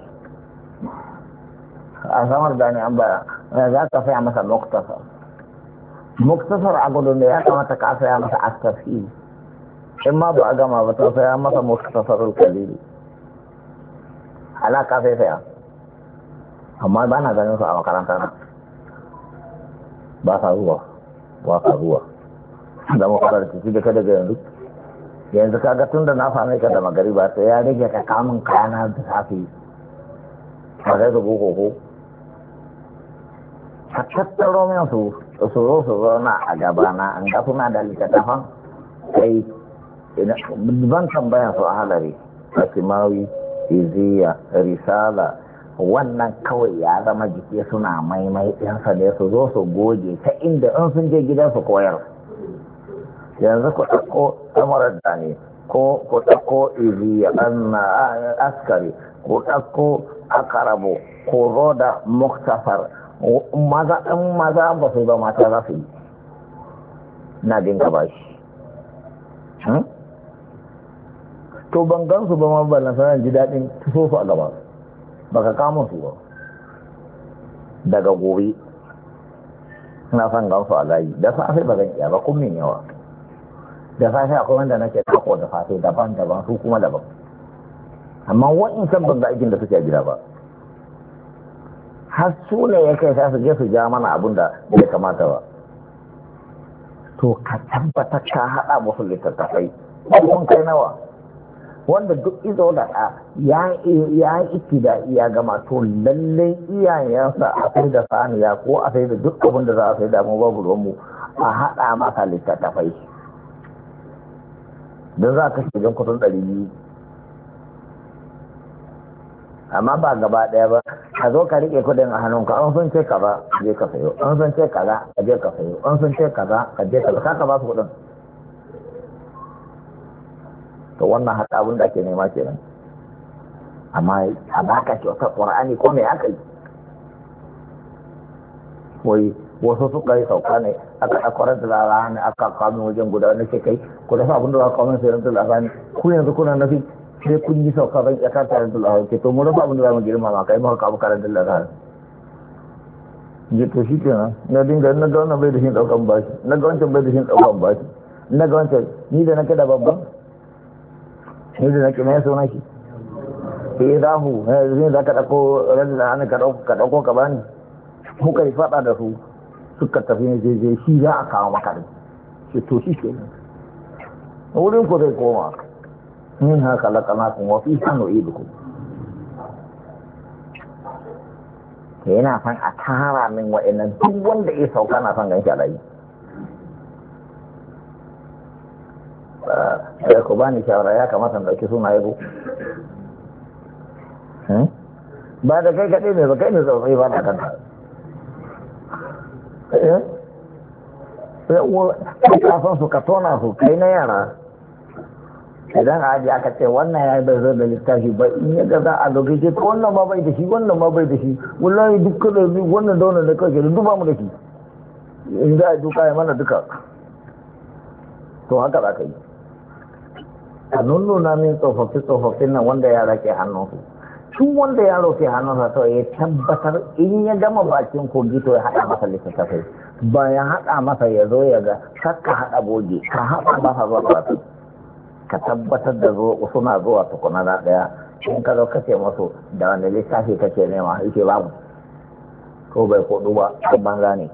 A: أزمر داني أمبا إذا كفيا مطا مقتصر مقتصر أقول لي أما تكافيا مطا أستفي إما بأقما بتوفيا مطا مقتصر الكبير على كافي فيا أما بانا دانيوسا أما كلام كلام بس الله waka zuwa da fara titi da kada yanzu yanzu kaga tun da na same ka da magariba sai ya rage ka kamun kayana da safe ba zai zubo ko. ka tattaro min su su su zauna a gabana an ga suna da littattafan kai ban tambaya su a halari asimawi iziya risala wannan kawai ya zama jiki suna maimai ɗansa ne su zo su goge ta inda in sun je gidan su koyar yanzu ku ɗauko samarar da ne ko ku ɗauko izi askari ku ɗauko akarabo ko da muktafar maza ɗan maza ba su zama ta za su yi na dinka ba shi hmm? to ban gansu ba ma na sanar ji daɗin tufofa a gaba su baka kamo su ba daga gobe na son gansu a layi da safe ba zan iya ba kun min yawa da safe akwai wanda nake tako da safe daban-daban su kuma daban amma wa'in san ban ga aikin da suke a gida ba har su ne ya kai sa su je su ja mana abin da ya kamata ba to ka tabbata ka haɗa musu littattafai ɗan kai nawa wanda duk izo da ɗa ya yi da iya gama to lallai iyayensa a sai da saniya ko a sai da duk abin da za a sai da mu babu mu a haɗa masa littattafai don za ka shigan kusan ɗari biyu amma ba gaba ɗaya ba a zo ka riƙe kuɗin a hannunka an sun ce ka ba je ka sayo an sun ce kaza ka je ka sayo an sun ce kaza ka je ka za ka ba su kuɗin to wannan haka abin da ake nema kenan amma a baka kyautar qur'ani ko me aka yi koyi wasu su yi sauka ne aka ɗakwarar da ne, aka kwamin wajen guda wani ke kai ku dafa abin da za ku min sayar da labarai ku yanzu kuna nafi sai kun yi sauka zan iya kanta da labarai ke to mu dafa abin da za mu girma ma kai muka kamu karar da labarai je to shi ke nan na dinga na ga wannan bai da shi ɗaukan bashi na ga wancan bai da shi ɗaukan bashi na ga wancan ni da na kada babban ne da ke yi eh, za ku na yanzu ne za ka ɗauko rajin an ka ɗauko ka bani ka yi faɗa da su suka tafi ne zai shi za a kawo maka ne shi to shi ke wurin ku zai koma min haka laƙanakun wafi hannu iduku yana fan a tara min wa'annan duk wanda ya sauka na gan ganshi a rayu ya eh, ku bani shawara ya kamata so suna yabo ba da kai kaɗai ne ba kai ne zaune ba na kanka eh? kafin su ka tona su kai na yara idan a aji aka ce wannan ya bai zo da littafi ba in yadda za a doke ce ko wannan ma bai da shi wannan ma bai da shi wallahi dukkan da zai wannan da wannan da kawai da duba mu da shi in za a duka ya mana duka to haka za ka yi a nunnuna min tsofaffi tsofaffin nan wanda yara ke hannunsu tun wanda yaro ke hannunsa sau ya tabbatar in ya gama bakin kogi to ya haɗa masa littattafai bayan haɗa masa ya zo ya ga sakka haɗa goge ka haɗa masa zuwa karatu ka tabbatar da suna zuwa tukuna na ɗaya in ka zo ka ce masu da wani littafi kake nema yake babu ko bai kodu ba a banza ne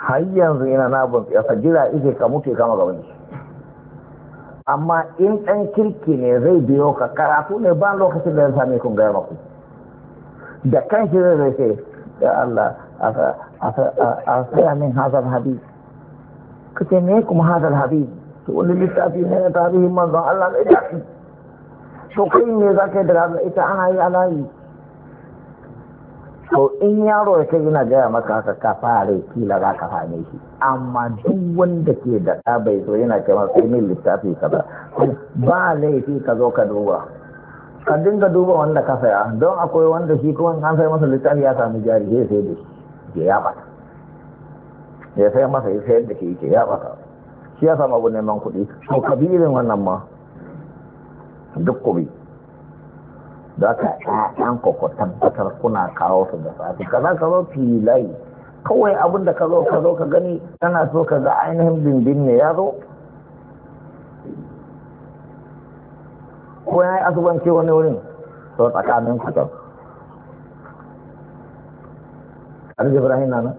A: har ina na bin jira ike ka mutu kama gaban amma in ɗan kirki ne zai biyo ka karatu ne ba lokacin da ya same kun gaya maku da kan shi zai ce ya Allah a saya min hazar habib ka ce me kuma hazar habib to wani littafi ne na tarihin manzon Allah mai daɗi to kai ne za ka yi da ita ana yi yi to in yaro ya kai yana gaya maka haka ka fara kila za ka hane shi amma duk wanda ke da bai zo yana ce masa min littafi ka ba laifi ka zo ka duba ka dinga duba wanda ka saya don akwai wanda shi kuma an sai masa littafi ya sami jari sai sai da ke ya bata ya sai masa ya sai da ke ke ya bata shi ya samu abu neman kuɗi to kabilin wannan ma duk kuɗi da aka ɗan kwakwatan tabbatar kuna kawo su da safi kaza ka zo filai kawai abin da ka zo ka zo ka gani tana so ka ga ainihin bindin ne ya zo ko ya yi asubanci wani wurin so tsakanin kutan arzi ibrahim na nan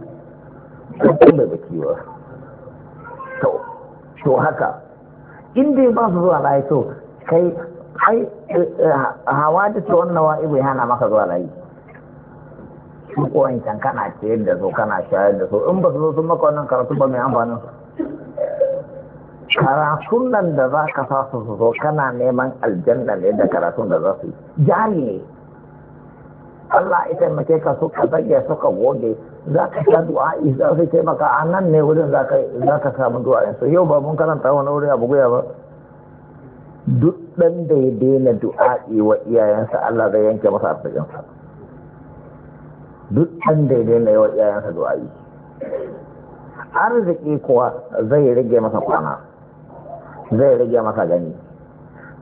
A: ɗan bai baki ba to haka inda ba su zuwa na yi so kai ai eh, eh, hawa da ce wannan wa bai hana maka zuwa layi su kowan can kana ciyar da su kana shayar da su in ba su zo sun maka wannan karatu ba mai amfanin karatun nan da za ka sa su zo kana neman aljanna ne da karatun da za su yi jari ne Allah ya taimake ka ka zage ka goge za ka sa du'a za su taimaka a nan ne wurin za ka samu du'a yau ba mun karanta wani wuri a buguya ba duk dan da ya daina du'a'i wa iyayensa Allah zai yanke masa arzikinsa duk dan da ya daina wa iyayensa du'a'i arziki kuwa zai rage masa kwana zai rage masa gani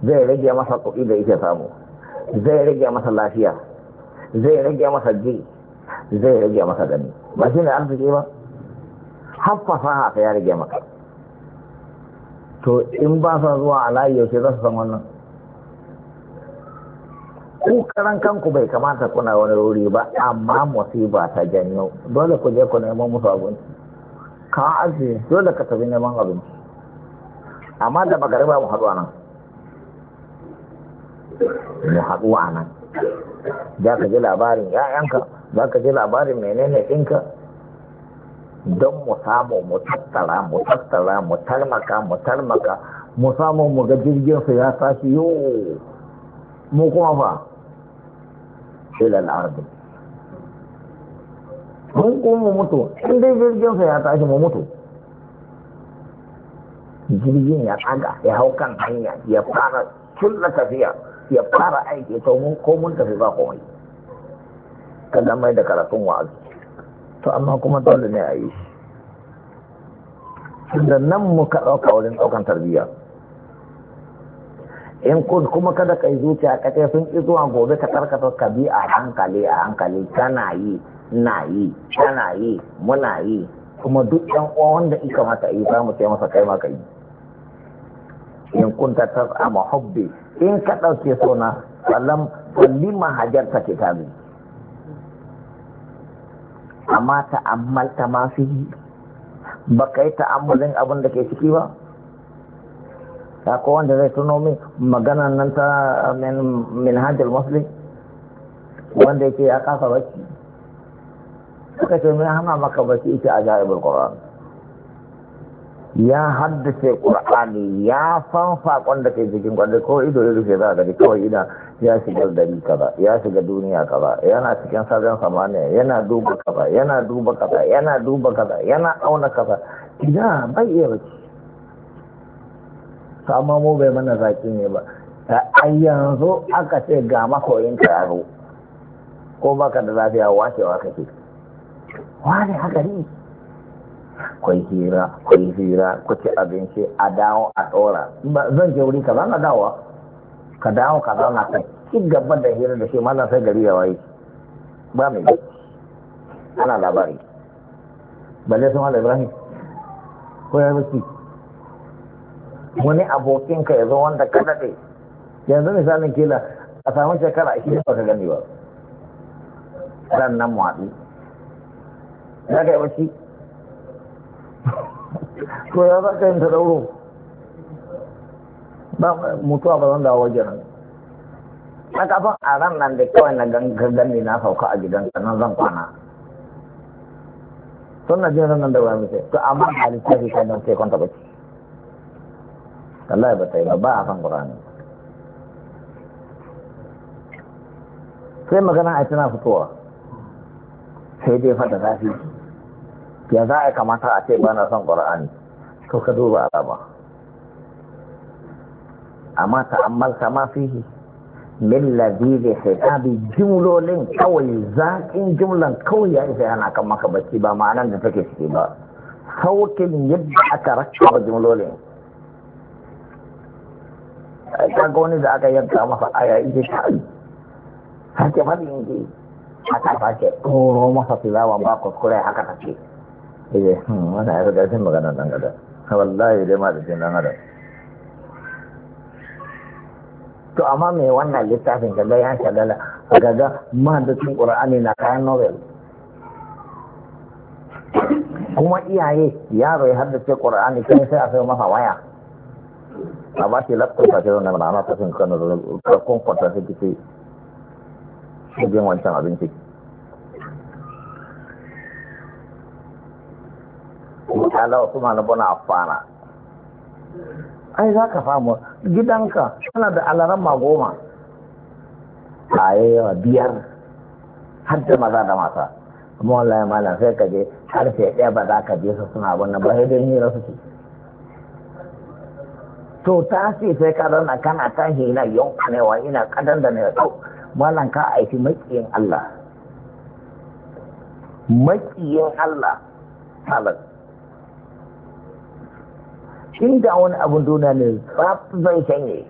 A: zai rage masa kuɗi da yake samu zai rage masa lafiya zai rage masa ji zai rage masa gani ba shi ne arziki ba har haka ya rage maka to in ba sa zuwa a layi yaushe za su san wannan ku karan kanku bai kamata kuna wani wuri ba amma musiba ta janyo dole ku je ku neman musu abinci ka aji dole ka tafi neman abinci amma da ba mu haɗu a nan mu haɗu a nan za ka ji labarin 'ya'yanka za ka ji labarin menene ɗinka don mu samu mu tattara mu tattara mu tarmaka mu tarmaka mu samu mu ga jirgin su ya tashi yoo, mu kuma fa ila al'adu mun kuma mu mutu Inda jirgin su ya tashi mu mutu jirgin ya tsaga ya hau kan hanya ya fara kulla tafiya ya fara aiki to mun ko mun tafi ba komai kada mai da karatun wa'azi to amma kuma dole ne a yi shi da nan muka ɗauka wurin ɗaukan tarbiyya in kuma kada ka yi zuciya ka ce sun ƙi gobe ka karkata ka bi a hankali a hankali kana yi na yi kana yi muna yi kuma duk ɗan uwa wanda ika mata yi za mu ce masa kai maka yi in kunta tas'a mahubbi in ka ɗauke sona sallam ta ke kitabi amma ta'ammalta ma yi ba ka yi ta'ammalin abin da ke ciki ba ta ko wanda zai tuno min magana nan ta ah, min hajjar musulun wanda yake ya kasa bacci suka ce min hana maka baki ita a jarabar ya haddace ƙur'ani ya fanfa saƙon ke cikin kwanda ko ido ya rufe za a gari kawai ina ya shiga dari kaza ya shiga duniya kaza yana cikin sazan samaniya yana duba kaza yana duba kaza yana duba kaza yana auna kaza ina bai iya bace amma mu bai mana zaki ne ba ta ayyanzu aka ce ga makoyin ka yaro ko baka da lafiya wacewa kake wane haka ne kwai hira kwai hira ku ci abinci a dawo a ɗora zan je wuri ka na dawa ka dawo ka na kai ci gaba da hira da shi mallan sai gari ya waye ba mai ana labari balle sun hada ibrahim ko ya miki wani ka ya zo wanda ka daɗe yanzu misalin kila a samu shekara ashirin ba ka gani ba ran nan mu haɗu za ka yi bacci ko ya za ka yin tadauro ba mutuwa ba zan dawo wajen na kafin a ran nan da kawai na gangar ne na sauka a gidan nan zan kwana sun na jin nan da wani sai to amma halittar shi kan nan sai kwanta bacci Allah ya bata yi ba a kan Qur'ani sai magana a tana fitowa sai dai fata zafi ya za a kamata a ce bana son ƙwar'ani to ka duba alama amma ta'ammalta ma fihi min lazizi hisabi jimlolin kawai zaƙin jimlan kawai ya isa yana kan maka bacci ba ma'anan da take ciki ba saukin yadda aka rakaba jimlolin kaga wani da aka yanka masa aya ita ta yi sake faɗi in aka sake ɗoro masa tilawa ba kuskure haka take eh wannan ya riga sun magana dangada, adam wallahi dai ma da to amma me wannan littafin kaga ya shagala kaga ma da cin na kayan novel kuma iyaye yaro ya haddace qur'ani kai sai a sai masa waya a ba shi laptop ta ce wannan na ana ta sun kanu da kun kwata sai wancan abinci ala Usman ibn Affan ai za ka samu gidanka suna da ma goma a yawa biyar har da maza da mata kuma wallahi malam sai ka je har sai ɗaya ba za ka je su suna wannan ba sai dai hira suke to ta ce sai ka zauna kana tashi ina yankanewa ina kadan da na ɗau malam ka aiki maƙiyin Allah maƙiyin Allah da wani abun duniya ne zai canye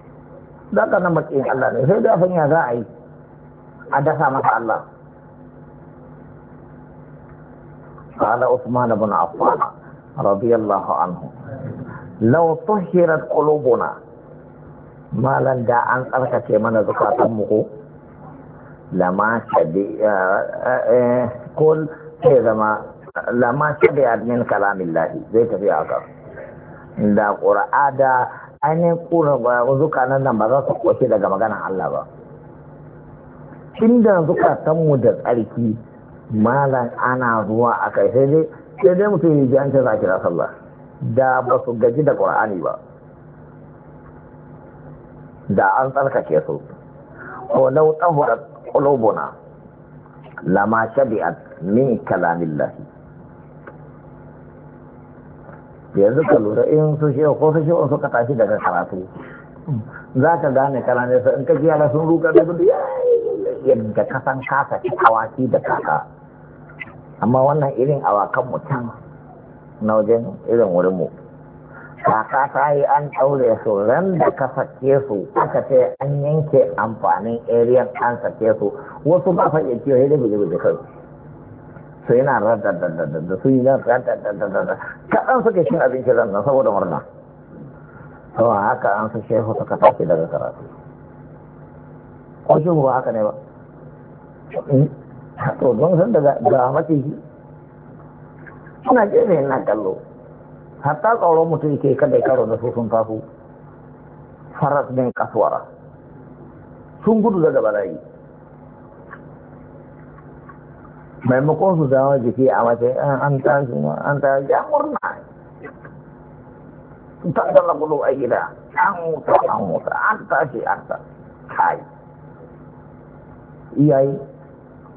A: za ka nan Allah ne sai da sanya za a yi a dasa masa Allah قال عثمان بن عفان رضي الله عنه لو طهرت قلوبنا ما لن دا أن أركت من ذكاة أمه لما شبي قل كذا لما شبعت من كلام الله زي تبي أكبر da ƙura'a da ainihin ƙura zuka nan ba za su kwace daga magana Allah ba inda zukatanmu da tsarki malam ana zuwa a kai sai dai sai dai mutum yi ji an za kira sallah da ba su gaji da ƙura'ani ba da an tsarkake su walau tsahurar ƙulubuna lama shabi'at min kalamin yanzu ka lura in su shi ko su shi suka tashi daga karatu za ka gane kana ne in ka yara sun ruka da gudu yadda ka san kasa ci awaki da kaka amma wannan irin awakan mu can na wajen irin wurin mu kaka ta yi an ɗaure su ran da ka sake su aka ce an yanke amfanin eriyan an sake su wasu ba fa yake ciwo da guje da kai sai yana da sun yi ta an suke shi abinci nan saboda murna an su shehu suka daga karatu ba haka ne ba to don san daga ga suna jefe yana kallo hatta tsoron mutum ke kada ya karo da su sun sun gudu daga barayi. maimakon su zama jiki a matsayin an ta suna an ta ya murna ta da na a gida an wuta an wuta an tashi an ta kai Iyayi.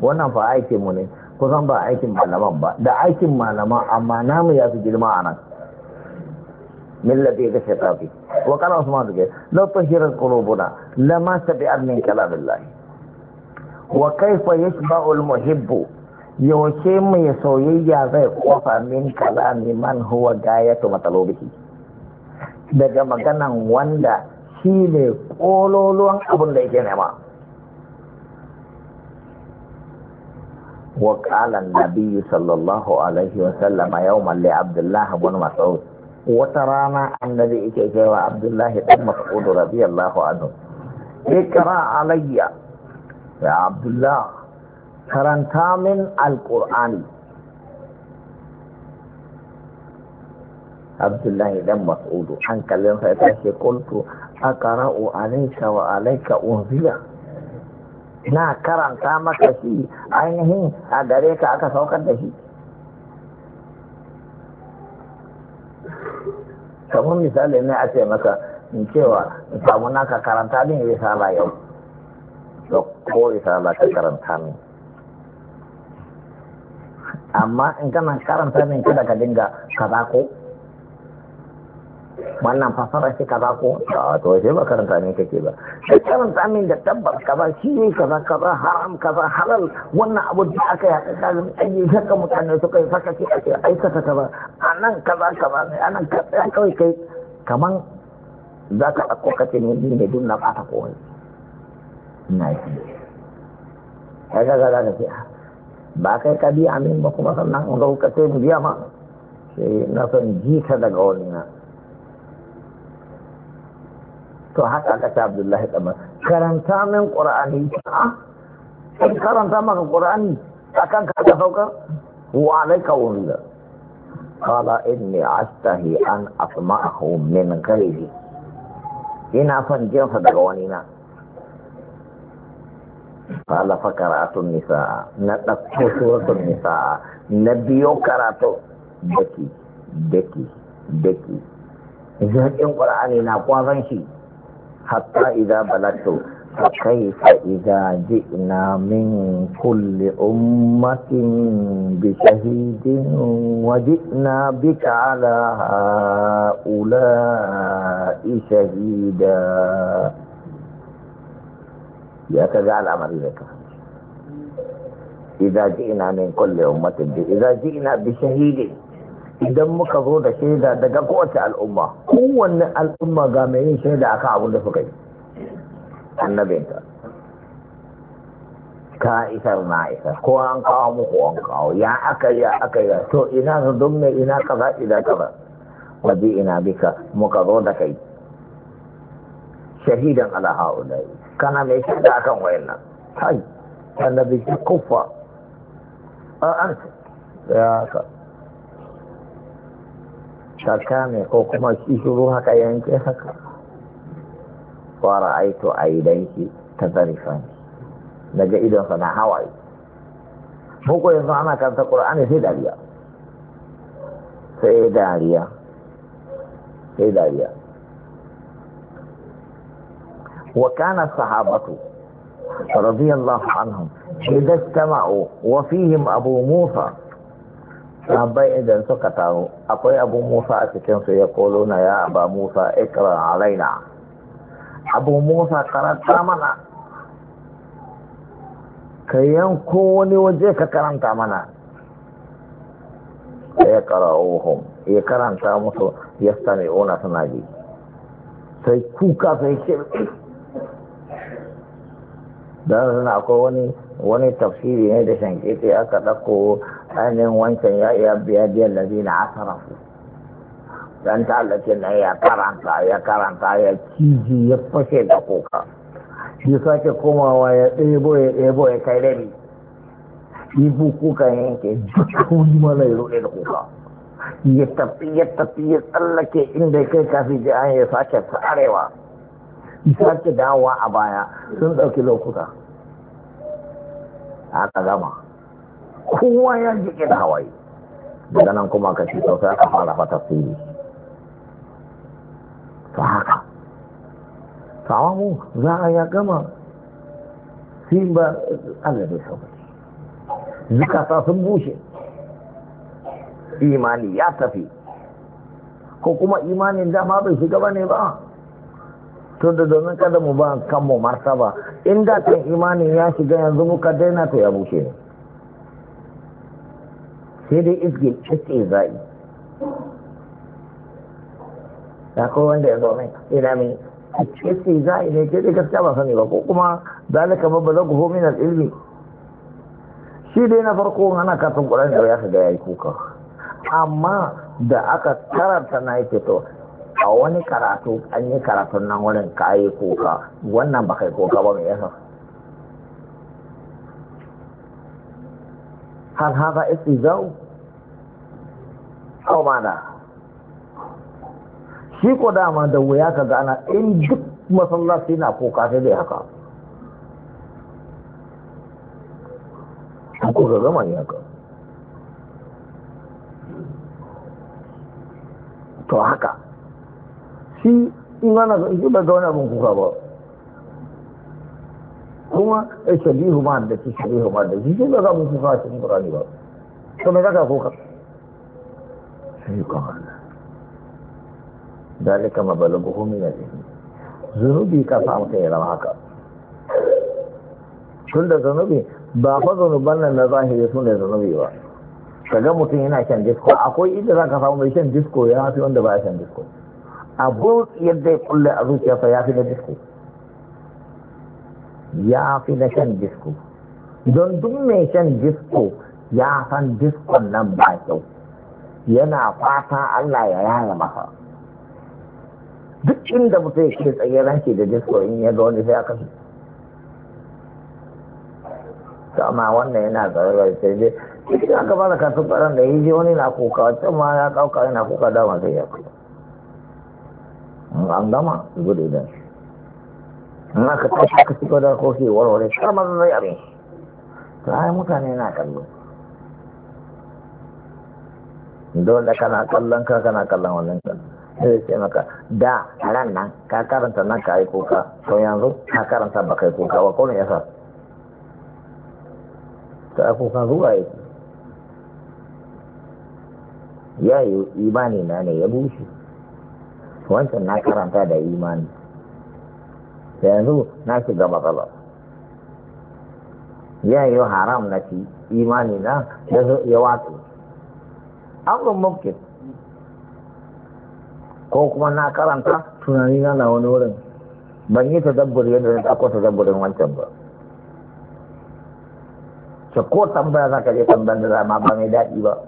A: wannan fa aikin mu ne kusan ba aikin malaman ba da aikin malaman amma namu ya fi girma a nan millati ka shatafi wa kana usman ke la tahira qulubuna lama tabi'at min lalai. wa kaifa yashba'u al-muhibbu yaushe mai soyayya zai kofa min kalami man huwa gayatu matalobihi daga maganan wanda shi ne kololuwan abin da yake nema وقال النبي صلى الله عليه وسلم يوما لعبد الله بن مسعود وترانا النبي كيكي وعبد الله بن مسعود رضي الله عنه اقرأ علي يا عبد الله karanta min alƙur'ani abdullahi dan mas'udu hankalinsa ya tashi kultu a ƙara'u alaika wa alaika unziya na karanta maka shi ainihin a gare ka aka saukar da shi kamar misali ne a ce maka in cewa in samu naka karanta min risala yau ko risala ka karanta min amma in kana karanta min kada ka dinga kaza ko wannan fasara shi kaza ko to sai ba karanta min kake ba sai karanta min da tabbas kaza shi ne kaza kaza haram kaza halal wannan abu da aka yi aka an yi shakka mutane suka yi saka ce ake aikata ta a nan kaza kaza ne a nan kaza kawai kai kaman za ka ɗauko kace ne din da dun na ba ta kowai ina yi kaga da ke ha ah, ba kai ka biya min ba kuma sannan lokaci mu biya ma sai na son ji ta daga wani na to haka aka ta abdullahi ɗan karanta min ƙura'ani a karanta maka ƙura'ani a kan ka aka saukar wa alaika wunza kala inni astahi an asma'ahu min ghairi ina son jinsa daga wani na ta karatun nisa na ɗakko suratun nisa na biyo karatu daki daki daki zaƙin ƙwar'ani na ƙwazon shi hatta iza balatu fa kaifa iza ji'na min kulli ummatin bi shahidin wa ji'na bika ala ha'ula'i shahida ya ka ga al'amari da ka idza ina min kulli ummatin bi idza ina bi shahidin idan muka zo da shaida daga kowace al'umma kowanne al'umma ga mai yin shaida akan abin da suka yi annabinta ka isar na isar ko an kawo muku an kawo ya aka ya aka yi. to ina su don me ina kaza ina kaza waje ina bi ka, muka zo da kai shahidan ala ha'ulai kana mai da akan nan? hai annabi shi kufa an ya ka shaka ne ko kuma shi shuru haka yanke haka fara aito a idanki ta zarifan daga idonsa na hawaye muku yanzu ana karanta ƙura'ani sai dariya sai dariya sai dariya وكان الصحابة رضي الله عنهم إذا اجتمعوا وفيهم abu Musa. sahabbai idan suka taro. akwai abu musa a cikinsu ya kolo na ya aba musa ikra alaina abu musa karanta mana ka yanko wani waje ka karanta mana ya kara'uhum ya karanta musu ya sami'una suna ji sai kuka sai kirki don suna akwai wani wani tafsiri ne da shankiti aka ɗauko ainihin wancan ya iya biya biyan lazi na asarafu dan tallakin na ya karanta ya karanta ya ciji ya fashe da koka shi sake komawa ya ɗebo ya ɗebo ya kai rabi shi bu kuka yanke wani mana ya ruɗe da kuka ya tafi ya tafi ya tsallake inda kai kafin ji an ya sake tsarewa sake dawowa a baya sun ɗauki lokuta aka gama kowa ya jiƙi da hawaii daga nan kuma ka ce sauka aka fara fata fili ta haka sawa mu za a ya gama sin ba Allah bai sauka sun bushe imani ya tafi ko kuma imanin dama bai shiga ba ne ba tunda domin kada mu ba kanmu martaba in da kan imanin ya shiga yanzu muka daina to ya bushe ne sai dai izgi iske za'i ya ko wanda ya zo mai ina mai iske za'i ne ke dai gaskiya ba sani ba ko kuma zalika ba za ku homin ilmi shi dai na farko ana katon kuɗin da ya shiga ya yi kuka amma da aka karanta na yake to a wani karatu an yi karatun nan wurin ka yi koka wannan ba kai koka ba mai yasa hal haza zau? Hau mana shi ko dama da wuya ka gana in duk masallaci na koka sai dai haka ko ga zama ne haka to haka shi in ana ga ga wani abin kuka ba kuma ya eh, shabihu ma da ke shabihu ma da shi shi bai ga abin kuka a cikin ƙurani ba to me zaka kuka sai ka Allah dalika mabalaguhu min al-ilm zunubi ka sa maka yi rama haka tun da zunubi ba fa zunuban nan na zahiri su ne zunubi ba kaga mutum yana shan disko akwai inda za ka samu mai shan disko ya fi wanda ba ya shan disko abu yadda ya kulle a zuciyarsa ya fi na disko ya fi na shan disko don duk mai shan disko ya san diskon nan ba kyau yana fata Allah ya yaya masa duk inda mutum ke tsaye ranke da disko in ya ga wani sai aka su sama wannan yana zarurar sai dai cikin aka da kasu karan da ya je wani na kuka wacce ma ya kauka yana kuka dama sai ya kuka an gama zuba da idan na ka tashi aka ci da kofi warware shar mazan zai abin Ta ai mutane na kallo dole kana kallon ka kana kallon wannan eh, kallon sai ce maka da ran nan ka karanta nan ka yi kuka to yanzu ka karanta ba ka yi kuka ba kone yasa ta kuka zuwa yi? ya yi imani na ne ya bushe wancan na karanta da imani da yanzu na shiga matsala ya yi haram na ci imani na ya watsu abin mumkin ko kuma na karanta tunani na na wani wurin ban yi tadabbur yadda na ɗauko tadabburin wancan ba ce ko tambaya za ka je tambayar da ma ba mai daɗi ba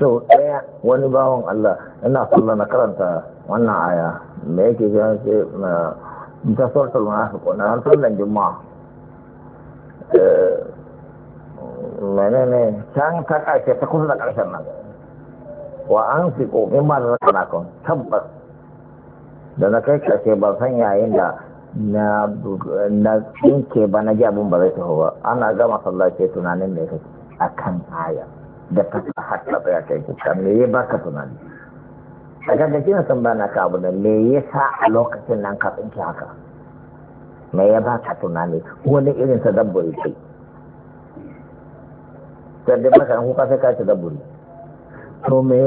A: so ɗaya wani bawan Allah ina sallah na karanta wannan aya me yake ga ce ta sortul nan an sallan eh, ne ne can ka ƙarshe ta kusa da ƙarshen nan wa an fi ƙoƙin ma da na tabbas da na kai ƙarshe ba san yayin da na tsinke ba na ji abin ba zai taho ba ana gama ce tunanin da ya a kan aya da ka hatta tsaya kai kuka me ya baka tunani a kan kina san na ka abu da me ya sa a lokacin nan ka tsinki haka me ya baka tunani wani irin ta dabbori ce ta da baka an kuka sai ka ta dabbori to me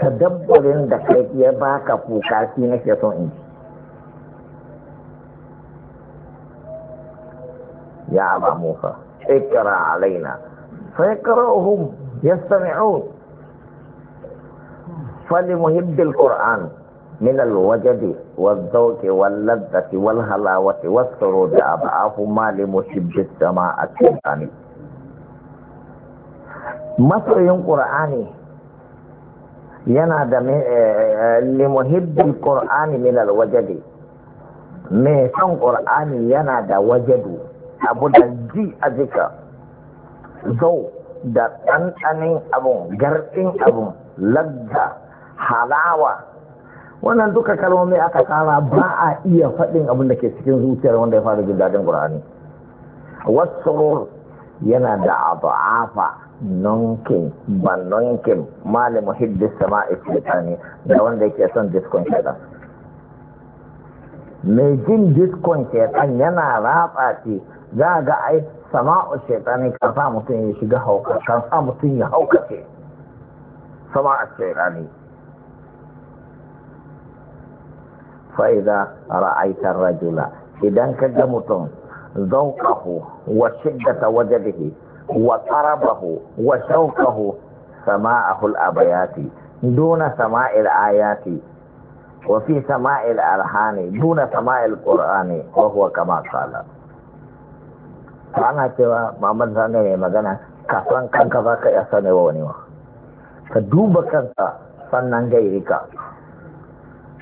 A: ta dabborin da kai ya baka kuka shi ke son in ya aba musa ikra alaina fa yakrahum يستمعون فلمهب القرآن من الوجد والذوق واللذة والهلاوة والسرور أضعاف ما لمحب السماء القرآن masoyin ƙur'ani yana da limuhibbin ƙur'ani min alwajadi mai son ƙur'ani yana da wajadu abu da ji a zau da ɗanɗanin abun garɗin abun lagga, halawa wannan duka kalmomi aka kara ba a iya faɗin abin da ke cikin zuciyar wanda ya fara jin daɗin ƙur'ani wasu yana da abafa nonkin ba nonkin malamu hiddis sama ifritani da wanda yake son diskon shaɗan mai jin diskon shaɗan yana ratsa ce za ga ai sama'u shaitani kan sa mutum ya shiga hauka kan sa mutum ya haukace sama'u shaitani fa'iza ra'aitar rajula idan ka ga mutum zauƙahu wa shiddata wajadihi wa tsarabahu wa shauƙahu sama'ahul abayati duna sama'il ayati wa fi sama'il alhani duna sama'il qur'ani wa huwa kama qala ana cewa Muhammad Sani mai magana kasuwan kanka ba ka iya sanewa wani wa. ka duba kanka sannan gairika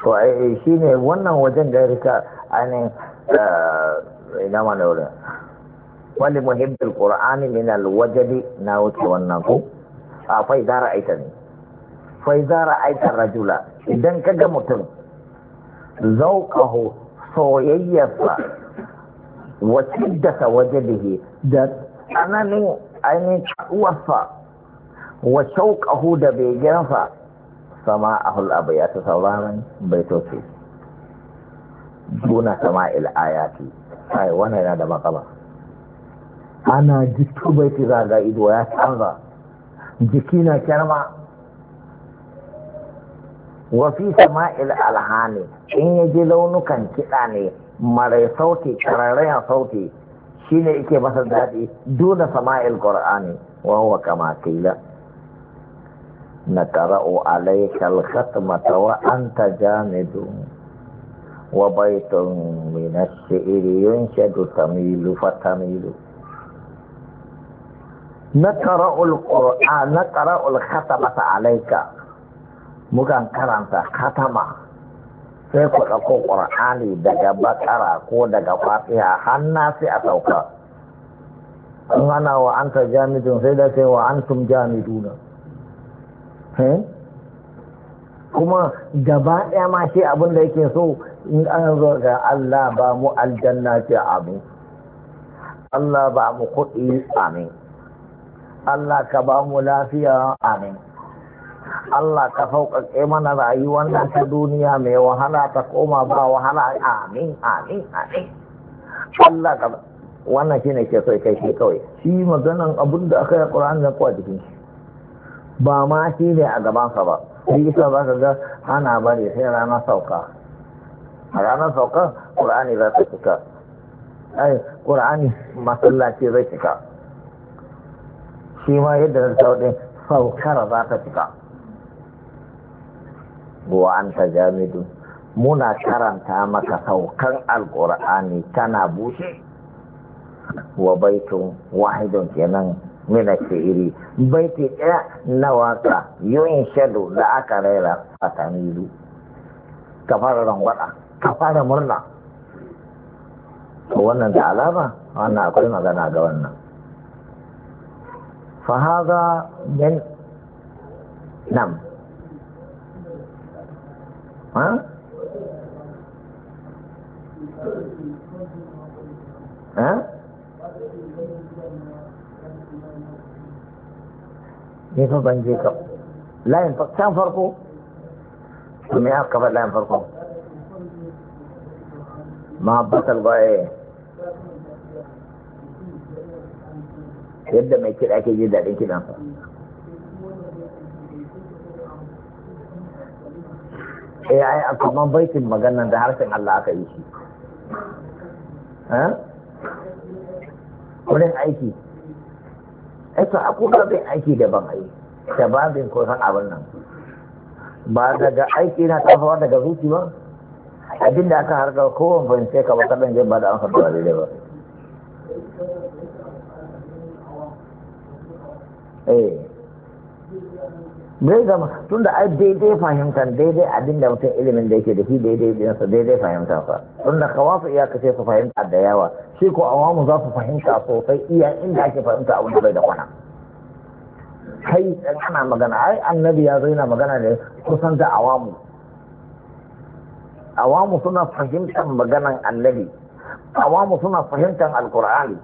A: to eh, shi ne wannan wajen gairika ainihin eh, ina mana wurin wani muhimmin ƙur'ani min alwajadi na wuce wannan ko a zara aita ne zara aita rajula idan ka ga mutum zauƙahu soyayyarsa wasiddata waje da tsananin ainihin taɓuwarsa wa shauƙahu da beginsa sama a hulabu ya ta sauranin baitoci duna sama il'ayati sai wannan yana da makama ana jikin baiti za ga ido ya canza jiki na kyarma wa fi sama il'alhani in yaji launukan kiɗa ne marai sauti kararai a sauti shi ne yake masa daɗi duna sama'il ƙor'ani wa huwa kama kila na ƙara'u alai kalkat mata wa an ta jamidu wa baitun minas shi'iri yun shaɗu tamilu fa tamilu na ƙara'ul ƙor'an na ƙara'ul khatamata alaika mukan karanta khatama sai ku ɗauko ƙur'ani daga bakara ko daga fatiha hanna sai a sauka in ana wa an ta jamidun sai da sai wa an tum jamiduna eh? kuma gaba ɗaya ma shi abin yake so in an zo ga Allah ba mu aljanna ce amin Allah ba mu kuɗi amin Allah ka ba mu lafiya amin Allah ka sauƙaƙe mana rayuwar nan ta duniya mai wahala ta koma ba wahala amin amin amin Allah ka wannan shine ke so kai shi kawai shi maganan abin da aka yi Qur'ani na kuwa jikin shi ba ma shi ne a gabansa ba shi isa za ka ga ana bari sai ranar sauka a ranar sauka ƙur'ani za ta cika ai ƙur'ani masallaci zai cika shi ma yadda na sauɗin saukar za ta cika wa anta jamidun muna karanta maka saukan alkur'ani kana bushe wa baitun wahidun kenan mina iri baiti ɗaya na waka yoyin shadu da aka raira a ka fara rangwada ka fara murna wannan da alama wannan akwai magana ga wannan Fa haza min nam ha ha ne fa ban je ka layin can farko to me aka kafa layin farko mahabbatar baya yadda mai kiɗa ke ji daɗin kiɗansa eh ai a kuma baitin maganan da harshen Allah aka yi shi eh? wurin aiki eto eh, aku babin aiki ban ai da babin ko san abin nan ba daga aiki na tafawa daga zuci ba abin da aka harkar kowane fahimce ka ba kaɗan jin ba da an da daidai ba eh bai gama tunda ai daidai fahimtar daidai abin da mutum ilimin da yake da shi daidai ɗinsa daidai fahimtar sa tunda kawasu iya kace su fahimta da yawa shi ko awamu za su fahimta sosai iya inda ake fahimta abin da bai da kwana kai dan ana magana ai annabi ya zo yana magana ne, kusan da awamu awamu suna fahimtar maganan annabi awamu suna fahimtar alkur'ani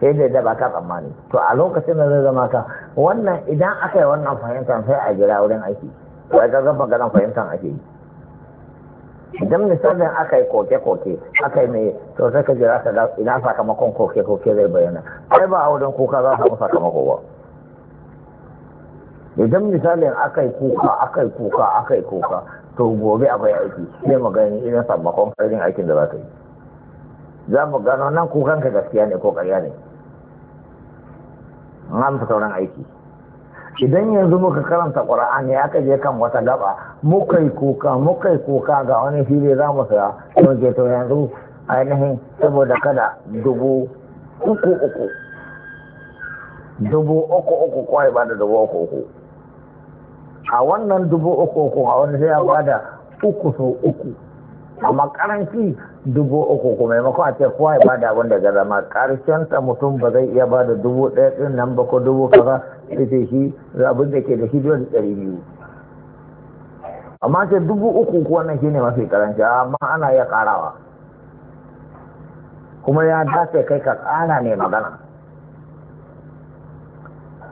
A: sai da ba ka tsammani to a lokacin da zai zama ka wannan idan aka yi wannan fahimtar sai a jira wurin aiki wai ga gaba ganin fahimtar ake yi idan misalin aka yi koke-koke aka yi mai to sai ka jira ka ina sakamakon koke-koke zai bayyana ai ba a wurin kuka za samu sakamako ba idan misalin aka yi kuka aka yi kuka aka yi kuka to gobe akwai aiki sai mu gani idan sakamakon karin aikin da za ka yi za mu gano nan kukan ka gaskiya ne ko karya ne an fi sauran aiki idan yanzu muka karanta ya aka je kan wata gaba muka yi kuka muka yi kuka ga wani fili za mu saya don ke to yanzu ainihin saboda kada dubu uku uku dubu uku uku kawai ba da dubu uku uku a wannan dubu uku uku a wani sai ya bada uku so uku amma karanci dubu uku kuma maimakon a ce kowa ya bada abin da ga zama karshen ta mutum ba zai iya bada dubu ɗaya ɗin nan ba ko dubu kaza sai sai shi abin da ke da shi dole ɗari biyu amma ce dubu uku ko wannan shine mafi karanci amma ana iya karawa kuma ya dace kai ka kara ne magana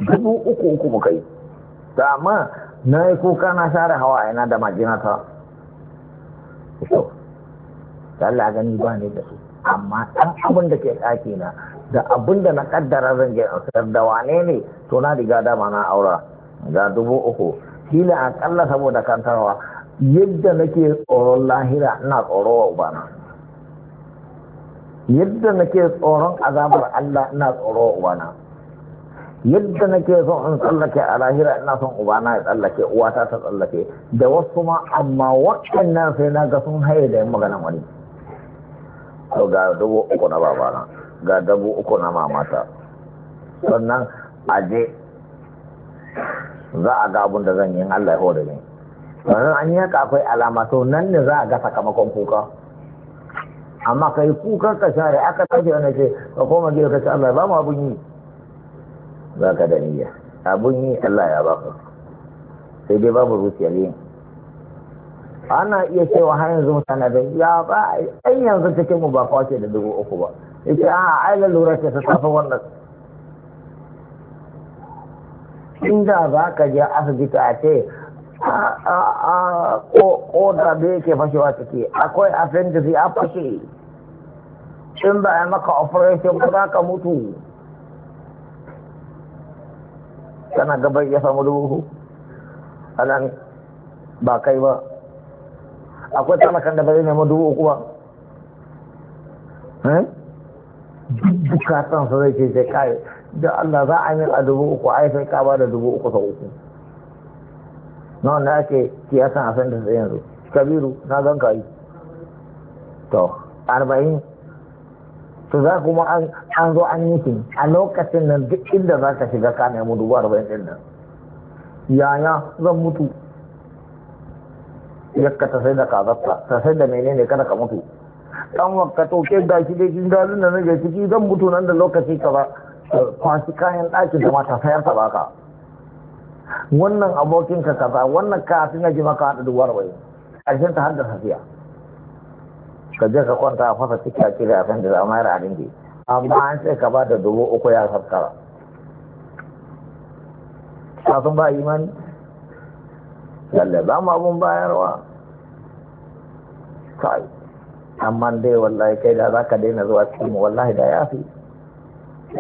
A: dubu uku uku mu kai amma na yi kuka na share hawa ina da majinata fito da Allah gani ba ne da su amma ɗan abin da ke ɗaki na da abin na ƙaddara zan je a da wane ne to na riga dama na aura ga dubu uku kila aƙalla saboda kantarwa yadda nake tsoron lahira ina tsoro wa ubana yadda nake tsoron azabar Allah ina tsoro wa ubana yadda nake son in tsallake a lahira ina son ubana ya tsallake uwata ta tsallake da wasu ma amma waɗannan sai na ga sun haye da yin maganan wani to ga dubu uku na babana ga dubu uku na mamata sannan je za a ga abin da zan yi Allah ya hore ni sannan an yi haka akwai alama to nan ne za a ga sakamakon kuka amma kai kukan ka share aka tafi wani ce ka koma gida ka ce Allah ba mu abin yi za ka da niyya abun yi Allah ya baka sai dai babu zuciyar yin ana iya cewa har yanzu mutane da ya ba ai yanzu cikin mu ba kwace da dubu uku ba yace a ai lura ce ta safa wannan inda za ka je asibiti a ce a koda da yake fashewa ciki akwai appendix ya fashe in ba a maka operation ba za ka mutu kana gabar ya samu A nan ba kai ba akwai talakan da bai ne dubu uku ba eh? bukatan su zai ce sai kai da Allah za a yi a dubu uku yi sai ka ba da dubu uku sau uku na wanda ake kiyasan a san da yanzu kabiru na zan kai. to arba'in to za kuma an zo an yi a lokacin nan duk inda za ka shiga ka nemi dubu arba'in ɗin nan yaya zan mutu yakka ta sai da kazarta ta sai da menene kada ka mutu dan wakka to ke shi dai kin galin da nake ciki zan mutu nan da lokaci ka ba kwashi kayan ɗakin da mata sayar ta baka wannan abokin ka kaza wannan kafin ya ji maka haɗa dubu arba'in ƙarshen ta har da safiya ka je ka kwanta a fasa ciki a cire abin da za a mayar a dinge amma an ce ka ba da dubu uku ya sarkara kafin ba imani lalle ba mu abun bayarwa kai amma dai wallahi kai da za ka daina zuwa cikin mu wallahi da ya fi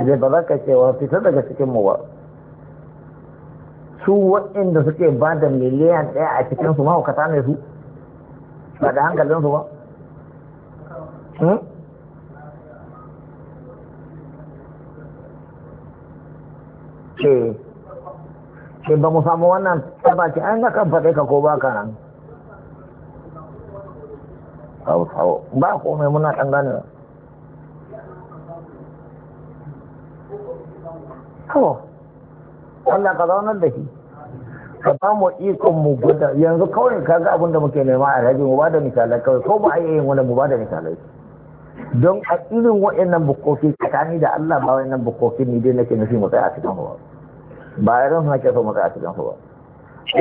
A: zai ba za ka ce wa fita daga cikin mu ba su waɗanda suke ba da miliyan ɗaya a cikin su mahaukata ne su ba da hankalin su ba ce ce ba mu samu wannan tabbaci an ga kan faɗe ka ko ba ka nan ba komai muna ɗan gane kawo Allah ka zaunar da shi ka ba mu ikon mu guda yanzu kawai ka ga abin da muke nema a rajin mu ba da misalai kawai ko ba a yi yin wani mu ba da misalai don a irin waɗannan bukofi tsakani da Allah ba waɗannan bukofi ne dai nake nufi mu tsaya cikin ba ba ya ran nake so mu tsaya cikin ba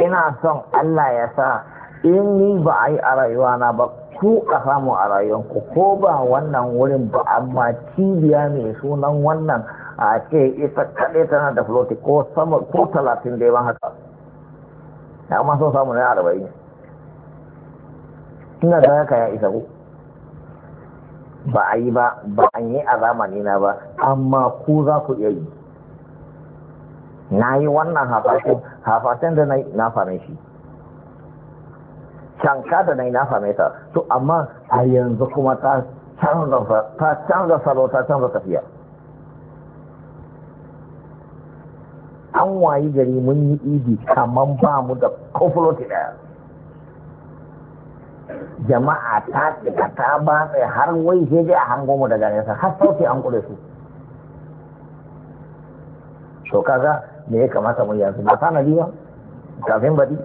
A: ina son Allah ya sa in ni ba a yi a rayuwa na ba ku a samu a rayuwanku ko ba wannan wurin ba amma cibiya mai sunan wannan a ce ita kaɗai tana da floti ko sama ko talatin da yawan haka amma son samu na arba'in ina da haka ya isa ku ba a yi ba ba an yi a na ba amma ku za ku iya yi na yi wannan hafashin hafashin da na na fame shi canka da na yi na fame ta to amma a yanzu kuma ta canza salo ta canza tafiya an wayi gari mun yi idi kamar ba mu da kofuloti ɗaya. jama'a ta cika ta batse har wai sai dai a hango mu daga nesa har sauke an kure su to kaga me ya kamata mu yanzu ba nadi ba kafin baɗi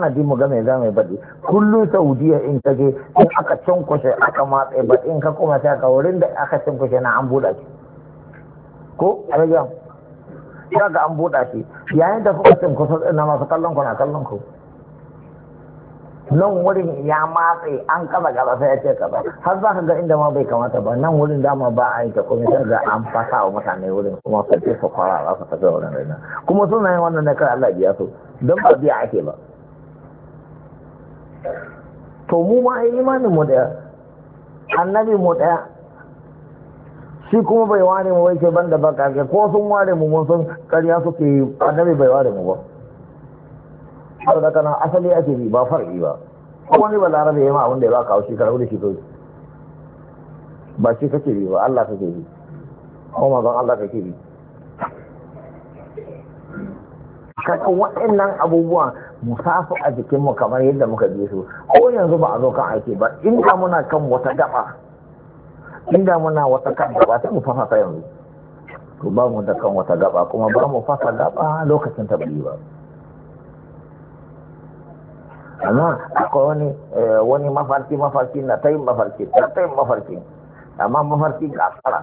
A: nadi mu ga me za mu baɗi kullum saudiya in ka je in aka kushe aka matse in ka kuma sai ka wurin da aka kushe na an buɗa shi ko a rage ga an buɗa shi yayin da kuka cinkushe na masu kallon ku na kallon ku nan wurin ya matse an kaza gaba sai ya ce kaza har za ka ga inda ma bai kamata ba nan wurin dama ba a yi ta komai sai ga an fasa wa mutane wurin kuma ka ce su kwara za su fasa wurin na kuma suna yin wannan na kar Allah biya su don ba biya ake ba to mu ma ai imanin mu daya annabi mu daya shi kuma bai ware mu wai ce banda baka ko sun ware mu mun sun ƙarya suke annabi bai ware mu ba kawo da kana asali ake bi ba far'i ba wani ba larabe ya ma abin da ya baka haushi karau da shi kai ba shi kake bi ba Allah kake bi kuma ma ban Allah kake bi kaga waɗannan abubuwan musafu a jikinmu kamar yadda muka je su ko yanzu ba a zo kan aiki ba inda muna kan wata gaba inda muna wata kan gaba sai mu fasa yanzu to ba mu da kan wata gaba kuma ba mu fasa gaba lokacin tabbi ba amma akwai wani eh, wani mafarki mafarki na ta yin mafarki na ta yin mafarki amma mafarki ga tsara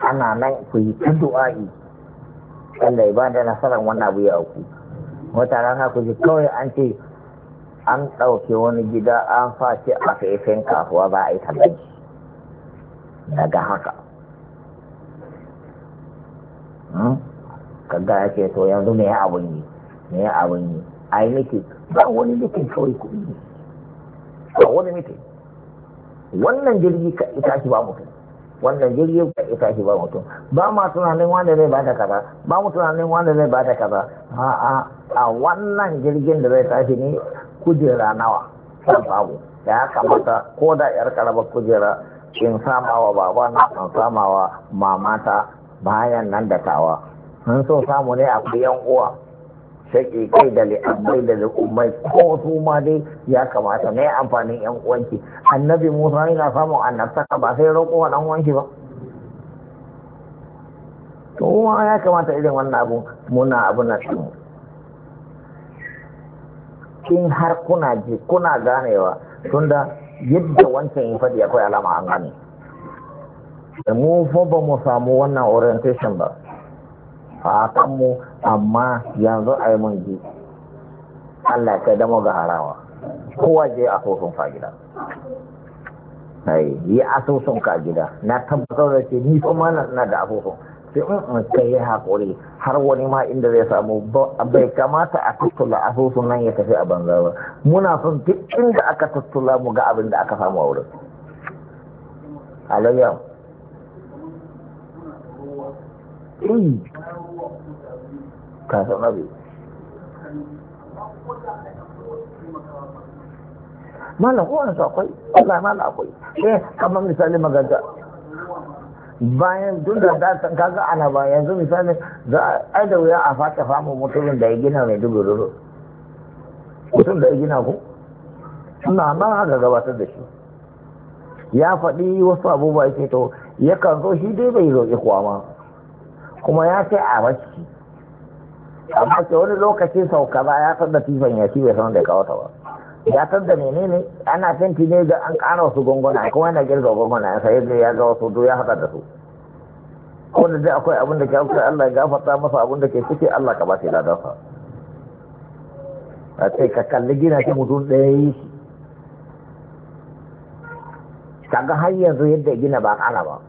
A: ana nan ku yi ta du'a'i Allah ba da nasarar wannan abu ya auku wata rana ku ji kawai an ce an ɗauke wani gida an fashe a faifin kasuwa ba a yi kallon daga haka hmm? kaga ya ce to yanzu me ya abun yi me ya abun yi a yi miki ba wani mitin kawai kuɗi ne ba wani mitin wannan jirgi ka ita shi ba mutum wannan jirgi ka ita shi ba mutum ba ma tunanin wanda zai ba da kaza ba mu tunanin wanda zai ba da kaza a a wannan jirgin da zai tashi ne kujera nawa babu ya kamata ko da yar karaba kujera in samawa baba na in samawa mamata bayan nan da tawa sun so samu ne akwai yan uwa shaƙi kai da li'abbai da al'ummai ko su ma dai ya kamata na yi amfanin yan uwanki annabi musa yana samun annabtaka ba sai roƙo wa ɗan uwanki ba to kuma ya kamata irin wannan abu muna abu na ɗin in har kuna ji kuna ganewa tunda yadda wancan yin faɗi akwai alama an gane mu fa ba mu samu wannan orientation ba fatanmu amma yanzu a yi mun ji Allah kai damo ga harawa kowa je a sosun fagida yi asusun ka gida na tabbatar da ce ni kuma na da asusun sai in an kai haƙuri har wani ma inda zai samu bai kamata a tattula asusun nan ya tafi a banza ba muna son duk inda aka tattula mu ga abin da aka samu a wurin alayyau ka zama bai malam ko su akwai Allah malam akwai eh kamar misali maganta bayan tun da da kaga ana ba yanzu misali za a aida wuya a fata famu mutumin da ya gina mai dubu ruru mutum da ya gina ku suna ba ga gabatar da shi ya faɗi wasu abubuwa ya ce to yakan zo shi dai bai roƙi kuwa ma kuma ya ce a bacci amma ke wani lokaci sauka ba ya san da tifan ya ci bai san da kawo ta ba ya san da menene ana fenti ne ga an ƙara wasu gongona kuma yana girga gongona sai da ya ga wasu do ya haɗa da su wanda dai akwai abin da ke akwai Allah ya gafarta masa abin da ke ciki Allah ka ba shi ladarsa a ce ka kalli gina shi mutum ɗaya yi shi kaga har yanzu yadda gina ba kana ba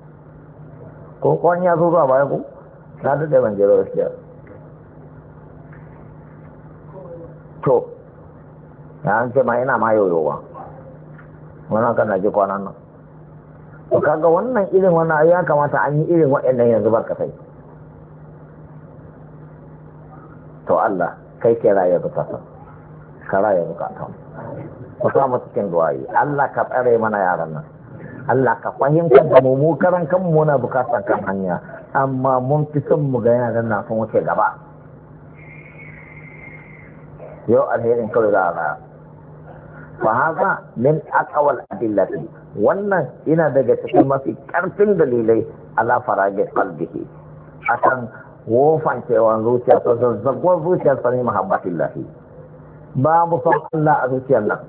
A: ko kwan ya zo zuwa baya ku na da ban jero gaskiya to an ce ma yana ma yoyowa wannan kan na ji kwanan nan to kaga wannan irin wannan ya kamata an yi irin waɗannan yanzu barkatai to Allah kai ke raye bukatan ka raye bukatan ku sa samu cikin duwaye Allah ka tsare mana yaran nan Allah ka fahimtar da mu mu karan kanmu muna bukatar kan hanya amma mun fi son mu ga yaran na sun wuce gaba yau alherin kawai za a ba fa haza min aqwal adillati wannan ina daga cikin mafi karfin dalilai ala farage qalbihi akan wofan cewan zuciya ta zazzagwar zuciyar sami mahabbatillahi mu son Allah a zuciyar nan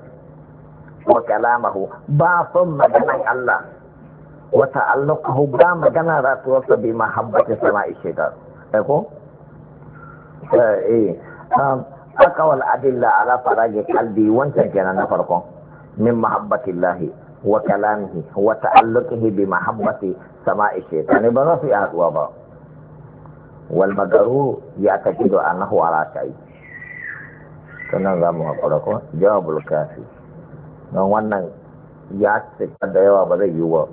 A: wa kalamahu ba son maganar Allah wa ta'alluqahu ba magana ratuwarsa bi mahabbati sama'i shaitan eh ko eh um, haka wal adilla ala faraji qalbi wancan kenan na farkon min mahabbatillahi wa kalamihi wa ta'alluqihi bi mahabbati sama'i shaytani ba za su yi haduwa ba wal magaru ya ta kido annahu ala kai sannan za mu haƙura ko jawabul kafi don wannan ya ce da yawa ba zai yi wa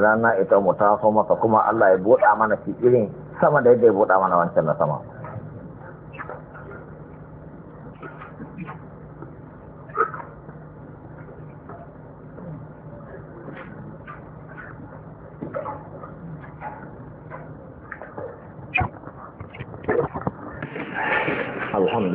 A: rana ita mu ta maka kuma Allah ya buɗa mana shi irin sama da yadda ya buɗa mana wancan na sama